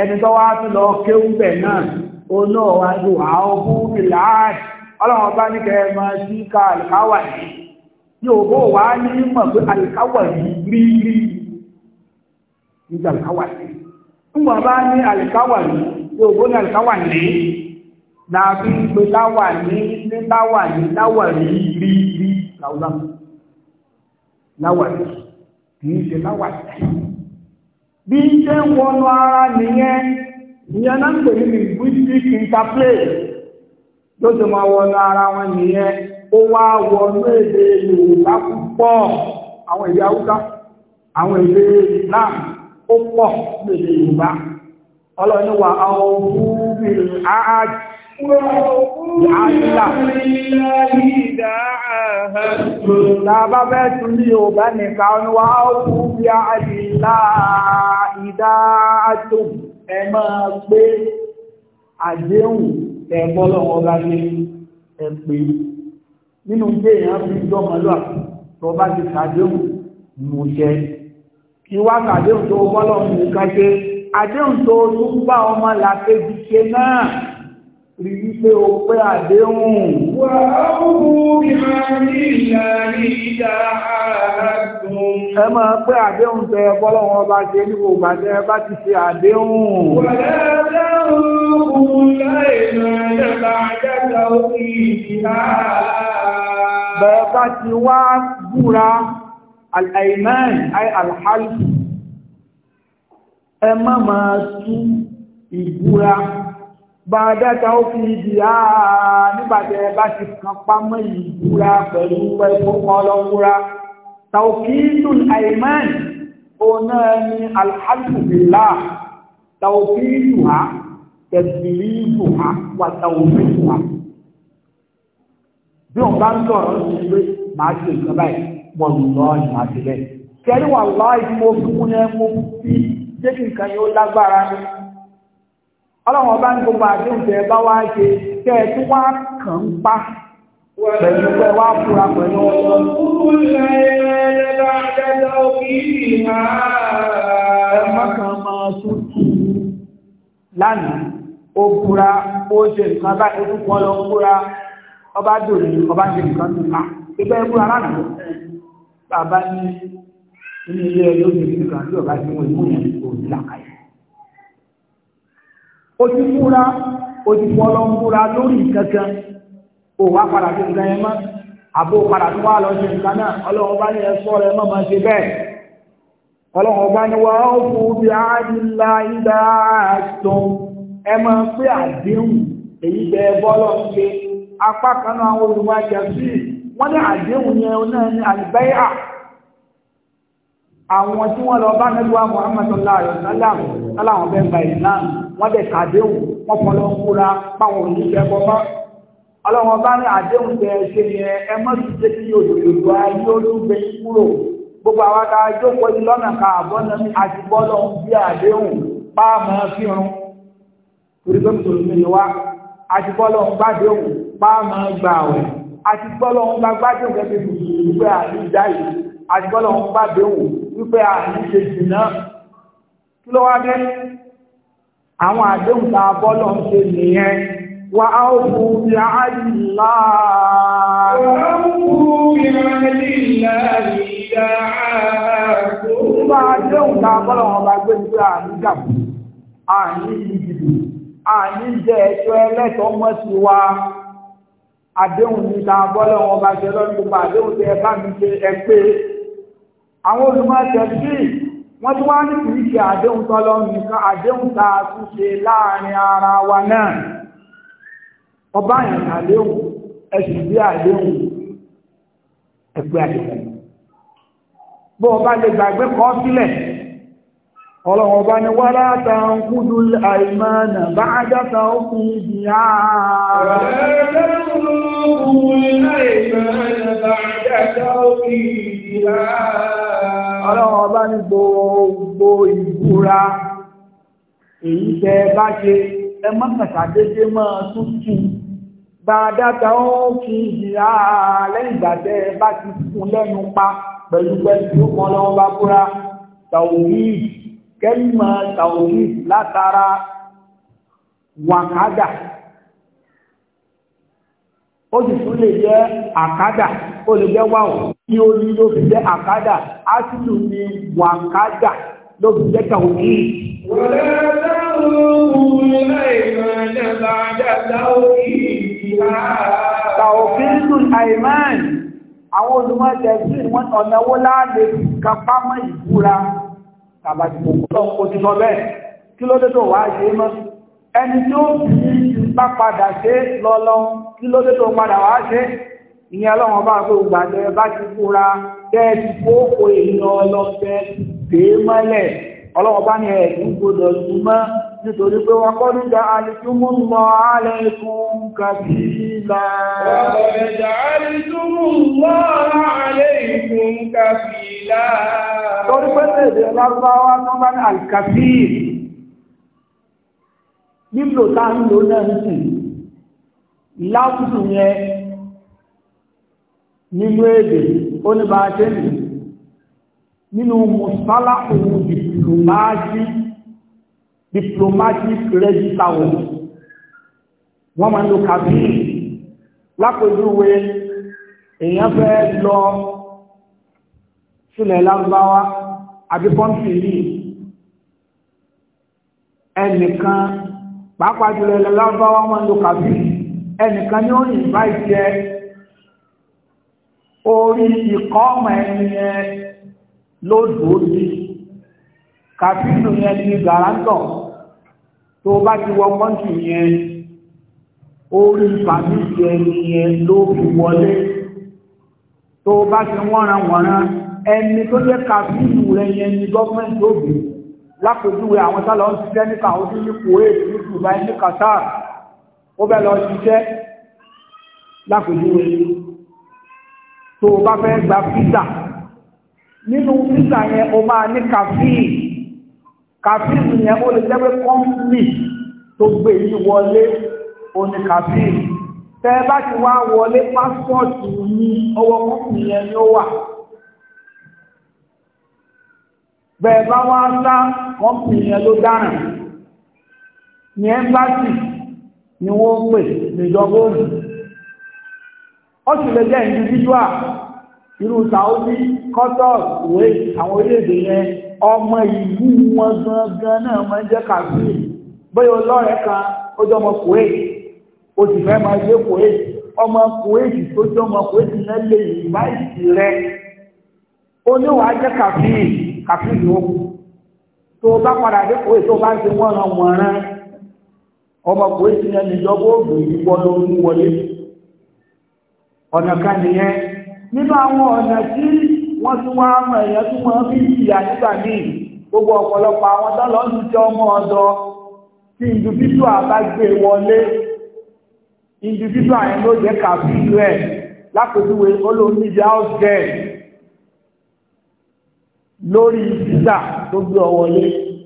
ẹni lọ kéwú bẹ̀ náà ó náà wá ọlọ́run bá ní máa ká àlùkáwà yìí nígbà àlìkáwàlì ńgbà bá ní àlìkáwàlì yóò gbó ní àlìkáwàlì láàbí pé láwàlì ní láwàlì láwàlì rí rí láwùlámù láwàlì kì í ṣe láwàlì bí ń ṣe ń wọnú ara nìyẹn ìyẹn náà ń pè ní linguistic interplay ló ti máa wọnú ara wọn nìyẹn ó wá wọnú èdè Yorùbá púpọ̀ àwọn èdè Haúsá àwọn èdè Islam ó pọ̀ lèdè Yorùbá ọlọ́ni wà àwọn òfúrúbìnrin àájì Tàbá bẹ́ tún ní Yorùbá nìkan ni wà òfúrúbìnrin àdìlá ìdá àjò ẹ máa gbé àdéhùn ẹ̀bọ́lọ́wọ́ bá ní ẹ̀pẹ́ nínú jẹ́ èèyàn fi jọ́mọ́lọ́ tó bá ti sàdéhùn mú jẹ́ kí wá kàdéhùn tó bọ́lọ̀ nìkan ṣe àdéhùn tó tún bá ọmọ làkejì ṣe náà rí wípé o pé àdéhùn. ẹ máa pé àdéhùn tẹ bọ́lọ̀ bá ṣe ní gbogbo bá ti ṣe àdéhùn. wà bá ti wá búra al-aiman ay al-half ẹ má máa tú ìbúra bá dáta ó fi ibi àà nígbàtẹ̀ bá ti kan pámọ́ ìbúra pẹ̀lú ẹ̀fọ́kọ́ ọlọ́wúra tawkidul aiman ọ̀nà ni al-half billah tawkiduha tẹ̀sílíìbùhá wà tawkiduha bí wọ́n bá ń sọ̀rọ̀ sí pé wọ́n lọ ìrìn àti bẹ́ẹ̀. kẹ́rí wà láì mo fún ẹ mo fi jẹ́ kí nǹkan yóò lágbára ní. ọlọ́run ọba ní gbogbo àdéhùn tẹ bá wá ṣe kẹ́ ẹ tún wá kàn ń pa pẹ̀lú pé wá fura pẹ̀lú ọlọ́run. ẹ má kàn máa tún tù ú lánàá ó fura ó ṣe nǹkan bá ẹkú kan lọ fura ọba dòrè ọba ṣe nǹkan tó ká ìgbà ẹkú aráàlú bàbá ní inú ilé ẹyọ ní ìlú kan tí ọba ti wọn ìmú yẹn kò ní làkàyè. ó ti múra ó ti fọlọ́ múra lórí kankan ó wá padà sí nǹkan yẹn mọ́ àbó padà tó wá lọ sí nǹkan náà ọlọ́run bá ní ẹ sọ rẹ mọ́ máa ṣe bẹ́ẹ̀. ọlọ́run bá ní wàá fún bí àdìlá ìdá àtún ẹ máa pé àdéhùn èyí bẹ́ẹ̀ bọ́lọ̀ ń apá kan náà àwọn olùwájà sí i wọ́n ní àdéhùn yẹn náà ní àlùbáyà àwọn tí wọ́n lọ bá mẹ́lúwà Muhammadu láàrín láwọn bẹ́ẹ̀ gba Islam wọ́n bẹ̀ kàdéhùn wọ́n fọ́n lọ kúra páwọn oníṣẹ́ bọ́bá ọlọ́wọ́n bá ní àdéhùn tẹ ṣe yẹn ẹ mọ́ sí jẹ́ kí òdòdó ayé olúgbé kúrò gbogbo àwọn ká jókòó àti gbọ́lọ̀ ń bá gbájú gẹ́gẹ́ bí wípé àní ìdá yìí àti gbọ́lọ̀ ń bá déwò wípé àní ṣe jìnnà kí ló wá dé àwọn àdéhùn tá a bọ́lọ̀ ń ṣe nìyẹn wà á ó kú ní àyìnlá. wà á kú ní àyìnlá ìdá àkókò. nígbà àdéhùn tá a bọ́lọ̀ ń bá gbé wípé àní gàbù àní ìdìbò àní jẹ́ ẹ̀ṣọ́ ẹlẹ́tọ̀ọ́ mọ́ sí wa àdéhùn ní ta bọ́lá wọn bá ṣe lọ́nà gbogbo àdéhùn tẹ bá mi ṣe ẹ pé àwọn olùmọ̀ọ́sẹ̀ sí wọ́n tún wá ní kìí ṣe àdéhùn tọ́lọ́ nìkan àdéhùn tá a tún ṣe láàrin ara wa náà ọba yẹn àdéhùn ẹsùn bí àdéhùn ẹgbẹ́ àdéhùn bó ọba lè gbàgbé kọ́ sílẹ̀ ọlọ́run ọba ni wọ́n láta ń kúdú àìmọ́ nà bá ájá ta ó kún ìdí ààrẹ. Ọlọ́run ọba ní gbogbo ìbúra èyí tẹ bá ṣe ẹ mọ́kàtà dédé mọ́ tútù gbàdáta ó kí ìjìyà lẹ́yìn ìgbàtẹ́ bá ti fún lẹ́nu pa pẹ̀lú pẹ̀lú kan lọ́wọ́ bá búra tàwùrí kẹ́lìmọ̀ tàwùrí látara wàkádà ó sì tún lè jẹ́ àkádà ó lè jẹ́ wáwọ̀ tí ó ní ló fi jẹ́ àkádà á sì lù ní wàkádà ló fi jẹ́ kàwọ́ kí. wọlé táwọn àwọn olùmọ̀ọ́jẹ̀ sí wọn ọ̀nà owó kápá mọ́ ìbúra tàbátì kòkòrò kò bẹ́ẹ̀ kí ló dé tó wàá ṣe mọ́ ẹni tó bí bá padà ṣe lọ́lọ́run kí ló dé tó padà wá ṣe ìyẹn ọlọ́run bá tó gbàdẹ bá ti fúra tẹ́ẹ̀tì fóòkò èèyàn ọlọ́fẹ́ tèé mọ́lẹ̀ ọlọ́run bá ní ẹ̀ẹ́dùn gbọdọ̀ súnmọ́ nítorí pé wọ́n kọ́ nígbà alìtúmù mọ́ alẹ́ ikún kàfíìlá torí pé èdè lárúbáwá tó bá ní bíblò táà ń lò náà ń sìn láwùjọ yẹn nínú èdè ó ní bá ṣe nì nínú mùsálà òun dìplomasi diplomatic register wọn wọ́n máa ń lo kàbíyì lápòjúwe èèyàn fẹ́ lọ sílẹ̀ lárúbáwá àbí pọ́ǹpì yìí ẹnìkan pàápàá jùlọ ilẹ̀ lárúbáwá máa ń lo kàbíyì ẹnìkan ni ó ní ìbá ìjẹ orí ikọ́ ọmọ ẹni yẹn lóòdù òbí kàfíìnù yẹn ni gàrántọ̀ tó bá ti wọ kọ́ńtì yẹn orí fàmíìsì ẹni yẹn ló fi wọlé tó bá ti wọ́nran wọ̀nran ẹni tó jẹ́ kàfíìnù rẹ̀ yẹn ni gọ́ọ̀mẹ̀ntì òbí lápèjúwe àwọn sálọ̀ ń ṣiṣẹ́ ní kàwọn ní kuwait ní dubai ní qatar ó fẹ́ lọ ṣiṣẹ́ lápèjúwe tó o bá fẹ́ gba pizza nínú pizza yẹn o máa ní kàfíì kàfíì yẹn ó lè jẹ́ pé kọ́ńpì tó gbé yín wọlé o ní kàfíì tẹ́ ẹ bá ti wá wọlé pásítọ̀tì ní ọwọ́ kọ́ńpì yẹn ni ó wà bẹ́ẹ̀ bá wá sá kọ́ńpì yẹn ló dáràn ní ẹ́mbásì. ni wọ́n pè níjọba òní ó sì lè jẹ́ individual irú Saudi Qatar Kuwait àwọn orílẹ̀-èdè yẹn ọmọ ìlú wọn gangan náà máa ń jẹ́ bóyá ọlọ́rẹ̀ kan ó Kuwait ó sì fẹ́ máa gbé Kuwait ọmọ Kuwait tó Kuwait náà lè rẹ jẹ́ ó tó bá padà dé Kuwait tó bá ọmọkùnrin ti ní ẹnìjọba òògùn ìwọ ló ń wọlé ọ̀nà kan nìyẹn nínú àwọn ọ̀nà tí wọ́n tún wá mọ̀ èèyàn tún mọ̀ bí ìyá nígbà míì gbogbo ọ̀pọ̀lọpọ̀ àwọn tọ́lọ́ ń jẹ́ ọmọ ọ̀dọ́ tí ìdúbídù àbágbé wọlé ìdúbídù àyẹn ló jẹ́ kàfíìlú ẹ̀ lápòjúwe olóńgbìdì áùsẹ̀ lórí ìdíjà tó gbé ọ wọlé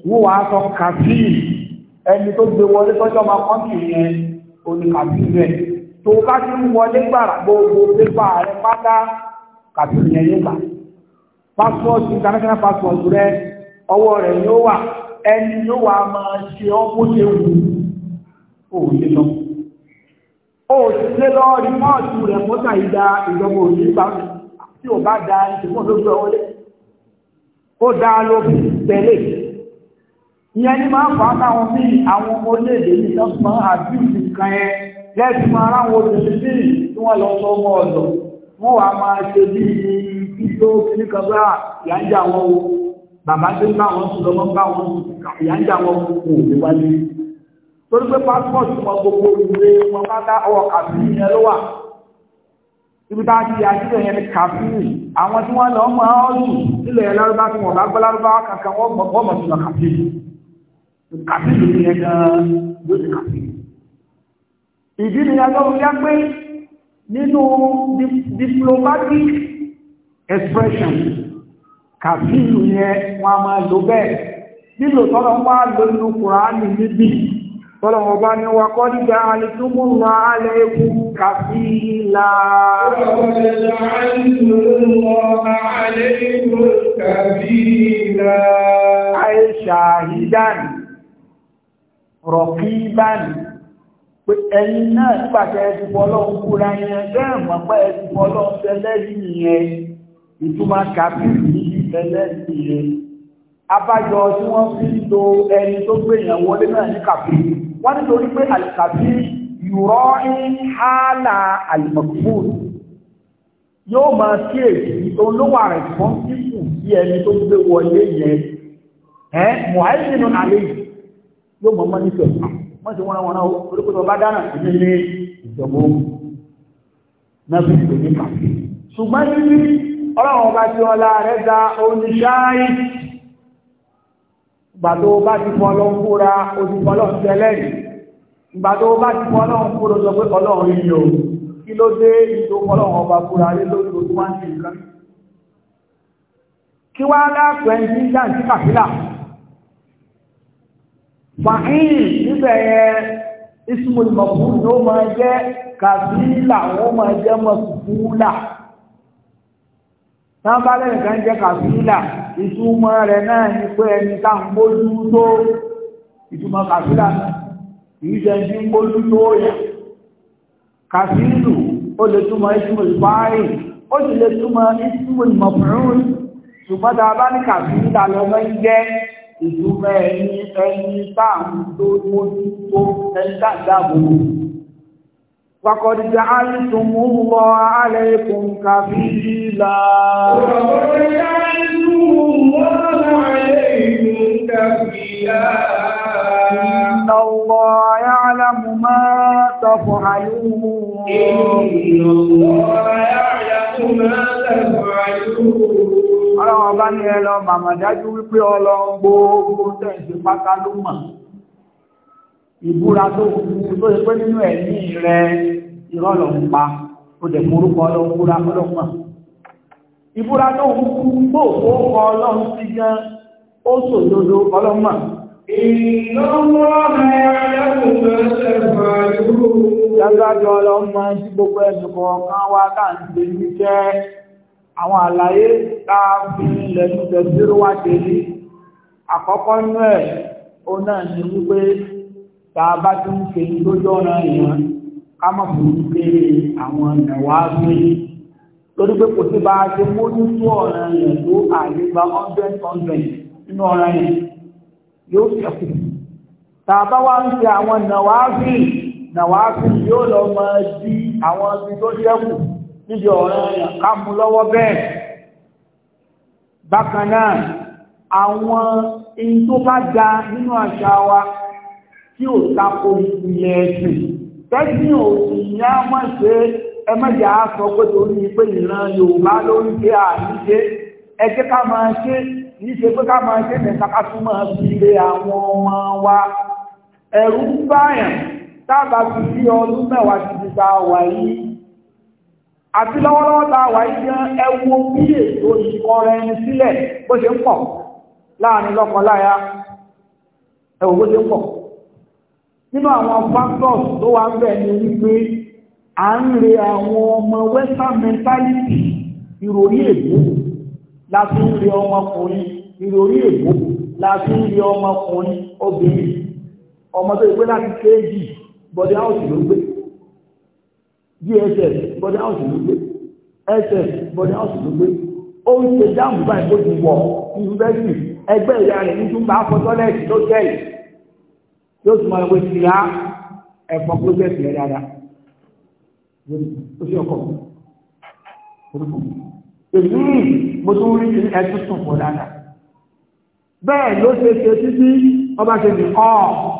wọ́n wàá sọ kàfíìlú ẹni tó gbé wọlé tọ́jọ́ máa kọ́ǹtì yẹn oníkàbí rẹ̀ tó bá ti ń wọlé gbàrà gbogbo pépà rẹ̀ pátá kàbí yẹn yóò international passport ọwọ́ wà ẹni yóò wà máa ṣe ọ́ ṣe wù ó lọ ó lọ mọ́tà ìdá ìjọba òní gbà tí ò bá da ó ìyẹn ni máa ń fà á káwọn bí àwọn ọmọ orílẹ̀-èdè ní sọ́gbọ́n àbí nǹkan yẹn lẹ́ẹ̀tì máa ráwọn obìnrin bí tí wọ́n lọ sọ ọmọ ọ̀dọ̀ wọ́n wàá máa ṣe bí ibi tó fi kan bá ìyá ń jà wọn o bàbá tó ń bá wọn sùn lọ́mọ bá wọn ìyá ń jà kò lè wáyé torí pé pásítọ̀tì wọn gbogbo ìwé wọn bá dá ọ àbí ló wà ibi a kàfíìlì ní ẹgbẹ́ ló ti kàfíìlì ìdí ni agbọ́rún yá pé nínú diplomatic expression kàfíìlì yẹn wọ́n máa lò bẹ́ẹ̀ nílò tọ́lọ wá lò nínú kùránì níbi tọ́lọ wọn bá ní wa kọ́ nígbà alìtúmùrà alẹ́ ikú kàfíìlà àìṣàhídánì rọ̀kí báyìí pé ẹ̀yin náà nígbàtẹ́ ẹ̀sùn fọlọ́hún kúra yẹn bẹ́ẹ̀ mọ̀ pé ẹ̀sùn fọlọ́hún tẹ́lẹ́rì yẹn ìtumọ̀ kàbírì yìí tẹ́lẹ́rì yẹn abájọ tí wọ́n fi ń lo ẹni tó gbé yẹn wọlé náà ní kàbírì wọ́n nítorí pé àlìkàbírì yùrọ́ ń hálà àlìmọ̀kúrò yóò máa kí èyí olówà rẹ̀ fún kíkù sí ẹni tó gbé wọlé yẹn ẹ́ mọ̀ẹ́sìnú àlejò yóò mọ̀ mọ́ nífẹ̀ẹ́ wọ́n ti wọ́nra wọ́nra orípò tó bá dáná ní ní ìjọba ohun náà fi pè nípa ṣùgbọ́n níbi ọlọ́run ọba tí ọlá rẹ̀ da oníṣááyì ìgbà tó bá ti fọ́ ọlọ́run kúra ojú ọlọ́run tẹ́lẹ̀ ìgbà tó bá ti fọ́ ọlọ́run kúra sọ o kí ló dé ìtò ọlọ́run ọba kúra lé lórí ojú wá ń ṣe fàáyìn níbẹ̀ yẹn ismul maf'ul ni ó máa jẹ́ kàfílà ó máa jẹ́ maf'ula tábà lẹ́yìn kan jẹ́ kàfílà ìtumọ̀ rẹ̀ náà ni pé ẹni tá ń bójú tó ìtumọ̀ kàfílà kìí ṣe ẹni ń bójú tó yà kàfílù ó lè túmọ̀ ismul fa'il ó sì lè túmọ̀ ismul maf'ul ṣùgbọ́n tá a bá ní kàfílà lọ́mọ ń jẹ́ ìdúpẹ́ ẹni ẹni táàmù tó mójú tó ẹni dáadáàbò Wàkọ̀dì jẹ́ àìsùn mú lọ alẹ́ ikùn kàfí ìlà. ma taf'alun. Inna ọlọ́wọ́n bá ní ẹlọ màmàdájú wípé ọlọ́run gbogbo tẹ́ẹ̀sì pátá ló mọ̀ ìbúra tó kú tó ṣe pé nínú ẹ̀mí rẹ ìrọ̀lọ̀ ń pa ó dẹ̀ forúkọ ọlọ́run búra ọlọ́pàá ìbúra tó kú tó forúkọ ọlọ́run sí gan ó sòdodo ọlọ́mà Ìjọba ọlọ́mọ tí gbogbo ẹnìkọ̀ọ̀kan wá káàkiri jẹ́ àwọn àlàyé tá a fi ilẹ̀ nígbẹ̀ zero wá délé àkọ́kọ́ inú ẹ̀ ó náà ní wípé tá a bá tún ṣe lójú ọ̀nà ìran ká má burú kéré àwọn ọ̀nà wá gbé torí pé kò sí bá a ṣe mójútó ọ̀nà yẹn tó àyíká hundred hundred nínú ọ̀nà yẹn yóò ṣẹ̀kù tá a bá wá ń ṣe àwọn ọ̀nà wá gbé ọ̀nà wá gbé yóò lọ mọ di àwọn ibi tó ṣẹ́kù níbi ọ̀rọ̀ ká mú lọ́wọ́ bẹ́ẹ̀ bákan náà àwọn èyí tó bá da nínú àṣà wa tí ò tako ìpìlẹ̀ ẹ̀sìn tẹ́sí òsì ní a mọ̀ ṣe ẹmẹ́jà á sọ pé torí pé ìran Yorùbá ló ń ṣe àníṣe ẹ jẹ́ ká máa ṣe kìí ṣe pé ká máa ṣe mẹ́ta ká tún máa fi lé àwọn ọmọ wa ẹ̀rù ń báyàn tábà fi sí ọdún mẹ́wàá ti ti ta wà yìí àti lọ́wọ́lọ́wọ́ ta wà ìyán ẹwọ bí ètò ìkọrẹ ẹni sílẹ̀ bó ṣe ń pọ̀ láàrin lọ́kọláya ẹwọ bó ṣe ń pọ̀ nínú àwọn factors tó wà ń bẹ̀ ní wípé à ń re àwọn ọmọ western mentality ìròrí ègbó láti ń re ọmọkùnrin ìròrí ègbó láti ń re ọmọkùnrin obìnrin ọmọ tó ìgbé láti kéèjì bọ̀dẹ̀ áwòsì ló gbé dss bọ́dí house ló gbé ss bọ́dí house ló gbé ó ń ṣe dáàbò báyìí bó ti wọ̀ yunifásitì ẹgbẹ́ ìyá rẹ̀ ní túnbà fọ́tọ́lẹ́ẹ̀tì tó tẹ̀lé yóò tún máa wé sí i rá ẹ̀fọ́ project rẹ̀ dáadáa ó sì ọkọ̀ èyí mo tún rí ẹtún sùn pọ̀ dáadáa bẹ́ẹ̀ ló ṣe ṣe títí ọba ṣe ní ọ́ọ̀.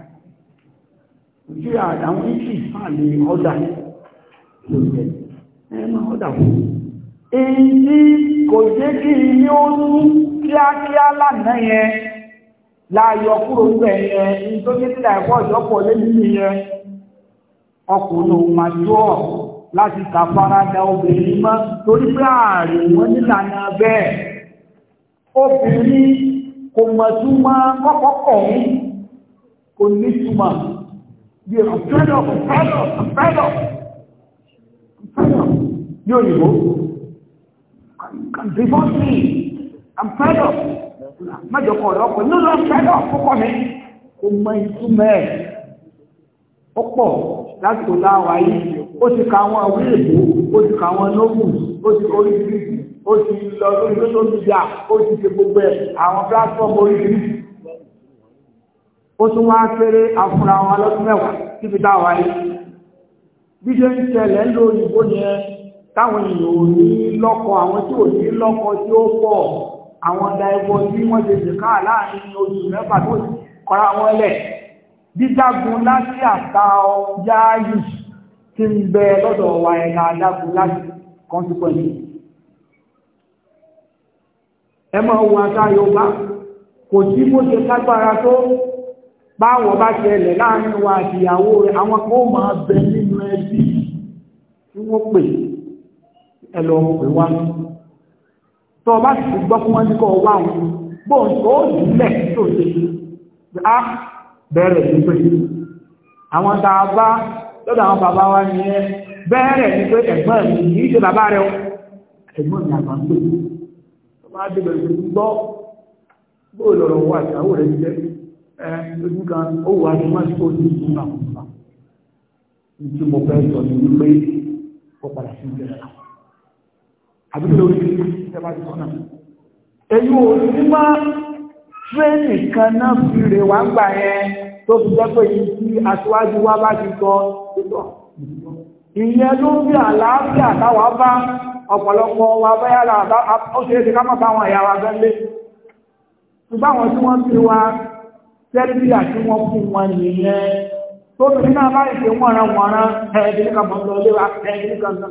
ojú àwọn ìfì àlè ọ̀dà lóòjẹ́ ẹ̀mà ọ̀dà fún èyí tí kò jẹ́ kí ní ó rú kíákíá lánàá yẹn láàyọ kúrò pẹ̀ yẹn ní tó ní sílẹ̀ ẹ̀kọ́ ìjọpọ̀ lẹ́yìn yẹn ọkùnrin ma tó ọ̀ obìnrin mọ́ torí pé ààrẹ wọn nílànà bẹ́ẹ̀ obìnrin kò mọ̀ túmọ̀ kọ́kọ́kọ̀ kò ní túmọ̀ Yeah, I'm fed up, I'm fed up, I'm fed up. I'm fed up. You know, you can me. I'm fed up. Mẹ́jọ kọ̀ ọ̀rọ̀ ọkọ̀ nílò fẹ́dọ̀ púpọ̀ mi. Kò mọ ìtumọ̀ ẹ̀. Ó pọ̀ láti kò láwàá yìí. Ó ti ka àwọn àwọn èèbó, ó ti ka àwọn nóòmù, ó ti orí bíríkì, ó ti lọ lórí lóṣooṣù jà, ó ti ṣe gbogbo ẹ̀ àwọn pílátọ́ọ̀mù orí bíríkì ó tún wá kéré afúnra wọn lọ́dún mẹ́wàá síbi tá a wá yìí bí ṣe ń ṣẹlẹ̀ ló òyìnbó yẹn táwọn èèyàn ò ní lọ́kọ àwọn tí ò ní lọ́kọ tí ó pọ̀ àwọn ọ̀dà ẹbọ tí wọ́n ṣe ṣèkà láàrin oṣù mẹ́fà tó kọ́ra wọn lẹ̀ dídágun láti àta yááyì tí ń bẹ lọ́dọ̀ wa ẹ̀ka adágun láti consequence ẹ máa wo ata Yorùbá kò sí bó ṣe lágbára tó báwọ̀ bá ṣẹlẹ̀ láàrin wa àti ìyàwó rẹ̀ àwọn kan ó máa bẹ nínú ẹbí tí wọ́n pè ẹlọ pè wá tọ́ bá sì gbọ́ fún wọn níkọ̀ wá wọn bóun tó bẹ̀rẹ̀ ní pé ni ẹ bẹ̀rẹ̀ ní pé ẹ̀gbọ́n mi kì í ṣe bàbá rẹ ẹ̀gbọ́n mi àgbà ń pè tó bá débẹ̀ gbọ́ bóun lọ́rọ̀ wọ àtàwọ̀ rẹ̀ jẹ́ Eh, ojú kan ó wà ní mọ́síkò ní ìgbìmọ̀ àkùnfà tí mo fẹ́ sọ ní wípé ó padà sí ìjẹ́ àbíkẹ́ orí ìjọba ti sọ́nà èyí ò ní má tírẹ́nì kan náà fi rè wá gbà yẹn tó fi jẹ́ pé yìí tí aṣíwájú wa bá ti sọ títọ̀ ìyẹn ló bí àlàáfíà táwa bá ọ̀pọ̀lọpọ̀ wa bẹ́yà láàbá ó ṣe é ṣe ká mọ̀ bá àwọn wa bẹ́ẹ̀ lé ṣùgbọ́n àwọn tí wọ́n ti wa tẹ́lifíà tí wọ́n fún wọn nìyẹn tó bí nínú abáyé pé wọ́n ra wọn rán ẹ̀ẹ́dì níka mọ́ lọ léwa ẹ̀ẹ́dì níka níka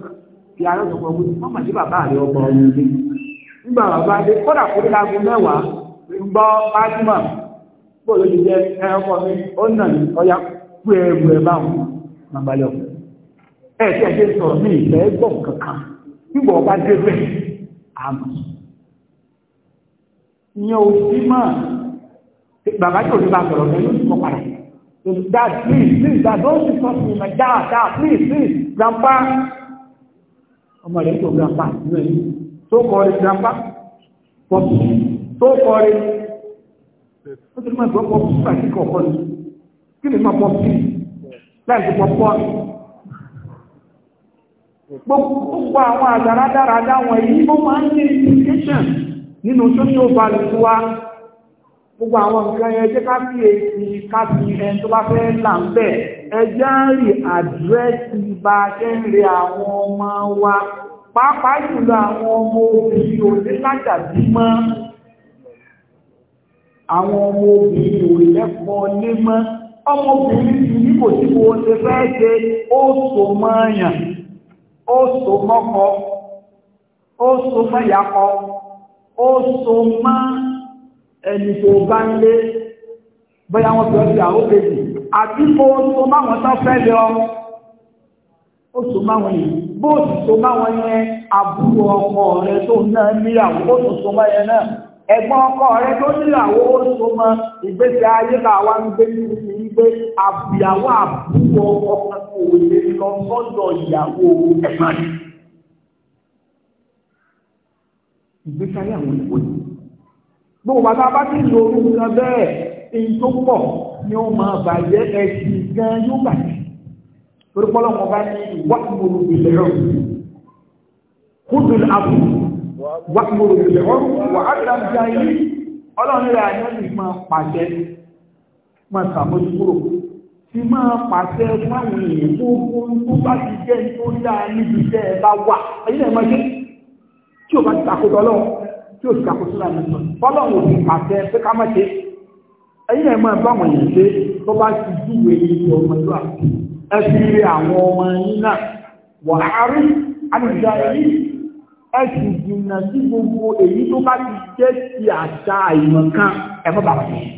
mà sí bàbá rẹ̀ ọgbà ọmọ ilé nígbà bàbá dé mẹ́wàá ní bàbá tí òní bá sọ̀rọ̀ ní yóò kọ́ padà dad please please dad don't you talk to me my dad dad please please grandpa ọmọ rẹ̀ tó grandpa nínú ẹ̀yìn tó kọ́ rẹ̀ grandpa pọ̀pù tó kọ́ rẹ̀ ó ti máa gbọ́ pọ̀pù nígbà tí kò kọ́ ni kí ni máa pọ̀pù sí láì sí pọ̀pù ọ́ gbogbo àwọn àgbàrá dáradára wọ̀nyí ó máa ń ní implication nínú social value wa gbogbo àwọn nǹkan yẹn jẹ́ ká fi èsì ká fi ẹni tó bá fẹ́ là ń bẹ̀ ẹjẹ́ ń rí àdírẹ́sì bá ṣe ń rí àwọn ọmọ wa pàápàá jùlọ àwọn ọmọ obìnrin òní lájàbí mọ́ àwọn ọmọ obìnrin òní lẹ́pọ̀ lé mọ́ ọmọbìnrin ti ní kò tí kò ṣe fẹ́ ṣe ó so mọ́ yàn ó so mọ́kọ ó so mọ́ ìyàkọ ó so mọ́ ẹni tó bá ń lé bóyá wọn fẹ́ fi àwọn òkèjì àti kó tó máwọn tán fẹ́ lọ ó tó máwọn yìí bóòtù tó máwọn yẹn àbúrò ọkọ rẹ tó náà níyàwó ó tó tó máa yẹn náà ẹ̀gbọ́n ọkọ rẹ tó níyàwó ó tó mọ ìgbésí ayé làwa ń gbé ní ní pé àbíyàwó àbúrò ọkọ kò lọ sọ́dọ̀ ìyàwó ẹ̀gbọ́n rẹ ayé àwọn ìwòye gbogbo bàtà bá ti lo orúkọ bẹ́ẹ̀ èyí tó pọ̀ ni ó máa bàjẹ́ ẹ̀sìn gan yóò bàjẹ́ torí pọ́lọ́mọ bá ní wàkùnrin ìbẹ̀rẹ̀ kúndùn àbù wàkùnrin ìbẹ̀rẹ̀ wà á dá bí ayé ọlọ́run rẹ̀ àyẹ̀lì máa pàṣẹ máa sàmójúkúrò ti máa pàṣẹ fáwọn èèyàn tó kún tó bá ti jẹ́ nítorí dáa níbi iṣẹ́ ẹ bá wà ẹ̀yìn ẹ̀ máa jẹ́ tí ò bá ti takò tọ́lọ́run tí ó ṣàkó sílá nínú fọ́lọ́wù ní àṣẹ pé ká má ṣe ẹ̀yìn ẹ̀ máa bá wọ̀nyí ṣe tó bá ti júwe ní ọmọ ìlú àti ẹ fi rí àwọn ọmọ yín náà wà á rí àlùjá yìí ẹ sì jìnnà sí gbogbo èyí tó bá ti jẹ́ ti àṣà ìmọ̀ kan ẹ má bàbá yìí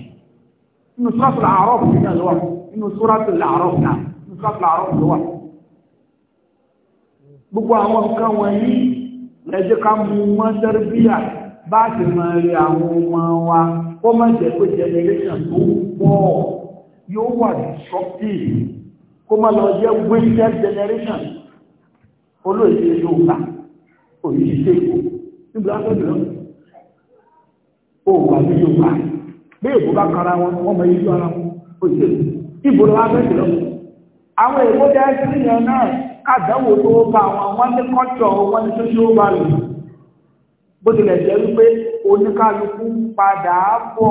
nínú sọ́ọ̀tù àárọ̀ fún mi lọ́wọ́ nínú sọ́ọ̀tù àárọ̀ fún mi nínú sọ́ọ̀tù àárọ̀ fún lọ́wọ́ gbogbo àwọn nǹkan wọ̀nyí lẹ́jẹ̀ ká mú wọn sẹ́rẹ́bíyà bá ti máa rí àwọn ọmọ wa ó máa jẹ́ pé generation tó pọ̀ yóò wà disruptive kó máa lọ jẹ́ wasted generation olóòṣè yóò gbà òyìnbó nígbà tó ó wà ní yóò gbà bí èkó bá kara wọn máa yíjú ara wọn ìbò àwọn èkó náà kàdáwò tó bá bó tilẹ̀ jẹ́ wípé oníkálukú ń padà bọ̀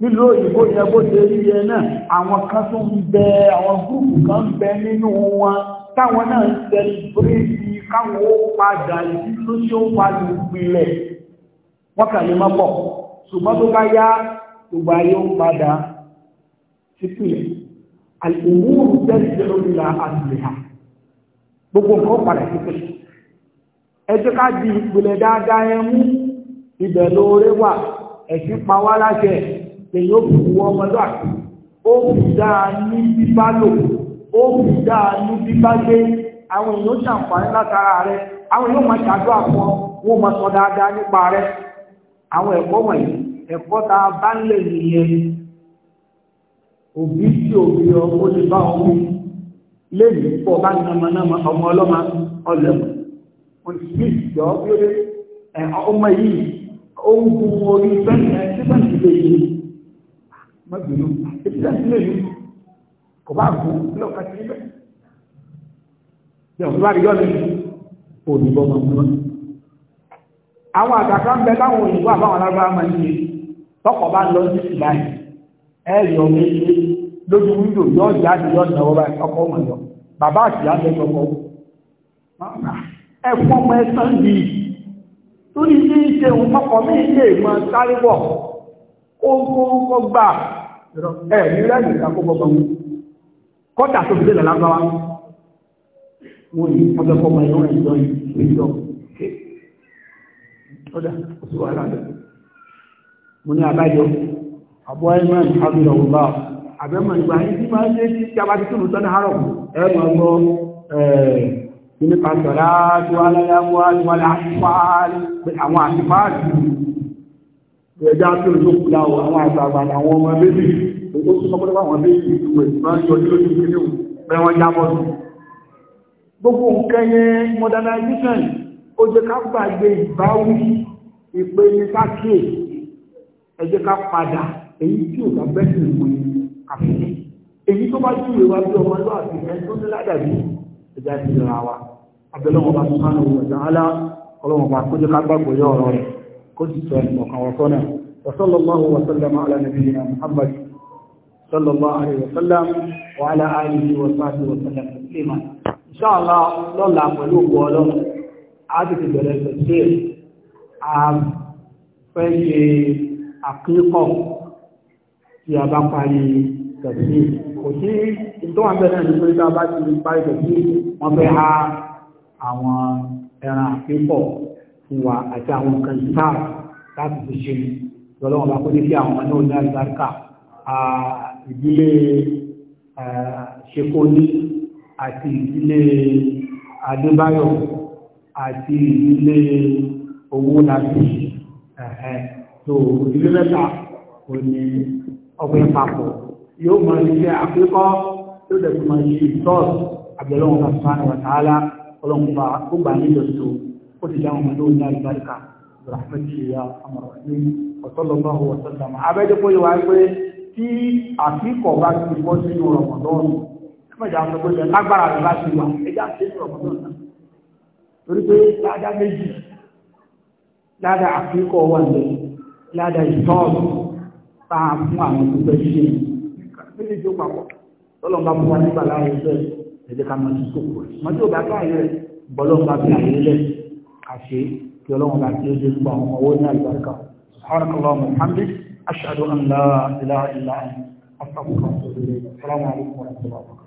nílùú òyìnbó yẹ bó ṣe rí yẹ náà àwọn kan tó ń bẹ àwọn gúrùpù kan ń bẹ nínú wọn táwọn náà ń sẹlẹbírẹ́tì káwọn ó padà ìlú tí ó wà ní ìpìlẹ̀ wọ́n kà ní má bọ̀ ṣùgbọ́n tó bá yá gbogbo ayé ó padà sípìlẹ̀ àlùmúrù tẹ́lẹ̀ tẹ́lẹ̀ ó ní la àtìlẹ̀ gbogbo nǹkan padà sípìlẹ̀. ẹ jẹ́ ká di ìpìlẹ̀ dáadáa yẹn mú ibẹ̀ lóore wà ẹ̀sìn pa wá láṣẹ èyí ó fi wọ ọmọdé àti ó fi dáa ní bíbá lò ó fi dáa ní bíbá gbé àwọn èèyàn ṣàǹfààní látara rẹ àwọn èèyàn máa ṣàdúrà fún wọn máa sọ dáadáa nípa rẹ àwọn ẹ̀kọ́ wọ̀nyí ẹ̀kọ́ tá a bá ń lè nìyẹn òbí òbí lè pọ̀ bá òṣìṣẹ́ ìjọ pé ọmọ yìí ó ń gun orí sẹ́ńtì lè yí mọ́bìnú sẹ́ńtì lè yí kò bá gun lọ́ọ̀kan sí ibẹ̀ yọ̀ọ̀ bá rí yọ̀ lẹ́nu òdìbò máa ń lọ. àwọn àtàkà ń bẹ táwọn òyìnbó àbáwọn alágbára máa ń ṣe tọkọ̀ bá lọ sí ìlànà ẹ̀rì ọmọ ilé lójú wíńdò yọ̀ọ̀ jáde yọ̀ọ̀ náwó báyìí ọkọ̀ ọmọ yọ bàbá àti ìyá ń bẹ tọkọ̀ ọmọ náà ẹ̀fọ́ ọmọ ẹ̀sán yìí torí ní ṣe òun tọkọ mí lè mọ sáré bọ̀ ó ń kó kó gbà ẹ̀ ní rẹ́ẹ̀dì ìdákó gbọ́gbọ́n kọ́tà tó fi dé lọ́lágbáwá wọ́n ní ọjọ́ kọ́mọ ẹ̀rọ ẹ̀jọ́ ìjọ ọjà oṣù wà láàrín mo ní àbájọ àbọ̀ ẹ̀mọ́ ìhàbìlọ̀ ọ̀gbà àbẹ́mọ̀ ìgbà yìí tí máa ń lé tí a bá ti túnú sọ́nà àárọ̀ ẹ̀mọ̀ ọgbọ́n nípa sọ̀rọ̀ tó aláyáwó aláwọ̀ àtìfáàlì pé àwọn àtìfáàlì ẹja tó ló kù láwọ àwọn àgbààgbà àwọn ọmọ bébì ó tún mọ́ pẹ́lú àwọn bébì ìwé máa ń yọ ní lójú kíní ò pé wọ́n jábọ́ sí. gbogbo nǹkan yẹn modernization ó jẹ́ ká gbàgbé ìbáwí ìpè ní sákìí padà èyí tí ò bá bẹ́ẹ̀ sì wù àfihàn èyí tó bá jù ìwà bí ọmọlúwàbí ẹ tó ní ládàbí ẹjá ti ra wa abẹ́lọ́wọ́ bá sọ́nà òwòsàn alá ọlọ́wọ́ bá kójú ká gbàgbọ́ yọ ọ̀rọ̀ rẹ̀ kó sì sọ ẹ̀mọ̀ kan wọ́n sọ́nà وصلى الله وسلم على نبينا محمد صلى الله عليه وسلم وعلى آله وصحبه وسلم تسليما إن شاء الله لولا قلوب ولولا عادة بلد الشيخ عام فشي àkíkọ̀ tí a bá parí tẹ̀sí kò sí ìtọ́wà ń bẹ̀ náà nítorí tá a bá ti parí tẹ̀sí wọ́n fẹ́ ha àwọn ẹran àfihàn fún wa àti àwọn nǹkan sáà láti fi ṣe lọ́lọ́wọ́n bá kó ní sí àwọn ọmọ náà ní àlùbáríkà ìdílé ṣekóní àti ìdílé adébáyọ̀ àti ìdílé owó láti ẹ̀ẹ́ tó ìdílé mẹ́ta ò ní ọgbẹ́ papọ̀ yóò máa ṣiṣẹ́ àkókọ́ tó dẹ̀ tó máa ṣe ìtọ́s àbẹ̀lọ́wọ̀n bá sùpánà wà tààlà ọlọ́run bá ó gbà nílò tó ó ti dáhùn ọmọdé òní àlùbáríkà rahmatulahi amọ̀rọ̀ ní ọ̀tọ́lọ́gbà owó ọ̀tọ́lọ́mọ abẹ́jọ́ pé wáyé pé tí àfikọ̀ bá ti bọ́ sínú rọ̀mọ̀dọ́ọ̀nù ẹgbẹ̀jà àwọn ọmọdé lágbára rẹ̀ bá ti wà ẹjá fún àwọn tó fẹ́ ṣe méjèèjì ó papọ̀ tọ́lọ̀ bá fún wa nígbà láàrin ẹgbẹ́ ẹ̀jẹ̀ ká máa ti kó kó rẹ̀ mọ́tò bá ká ayé rẹ̀ bọ́lọ́ bá fi àyè lẹ̀ àṣẹ kí ọlọ́run bá ti ojú gbọ́ àwọn owó ní àlùbáríkà subhanakallah muhammed ashadu an la ilaha illa anta astaghfiruka wa atubu ilayk assalamu alaikum wa rahmatullahi wa barakatuh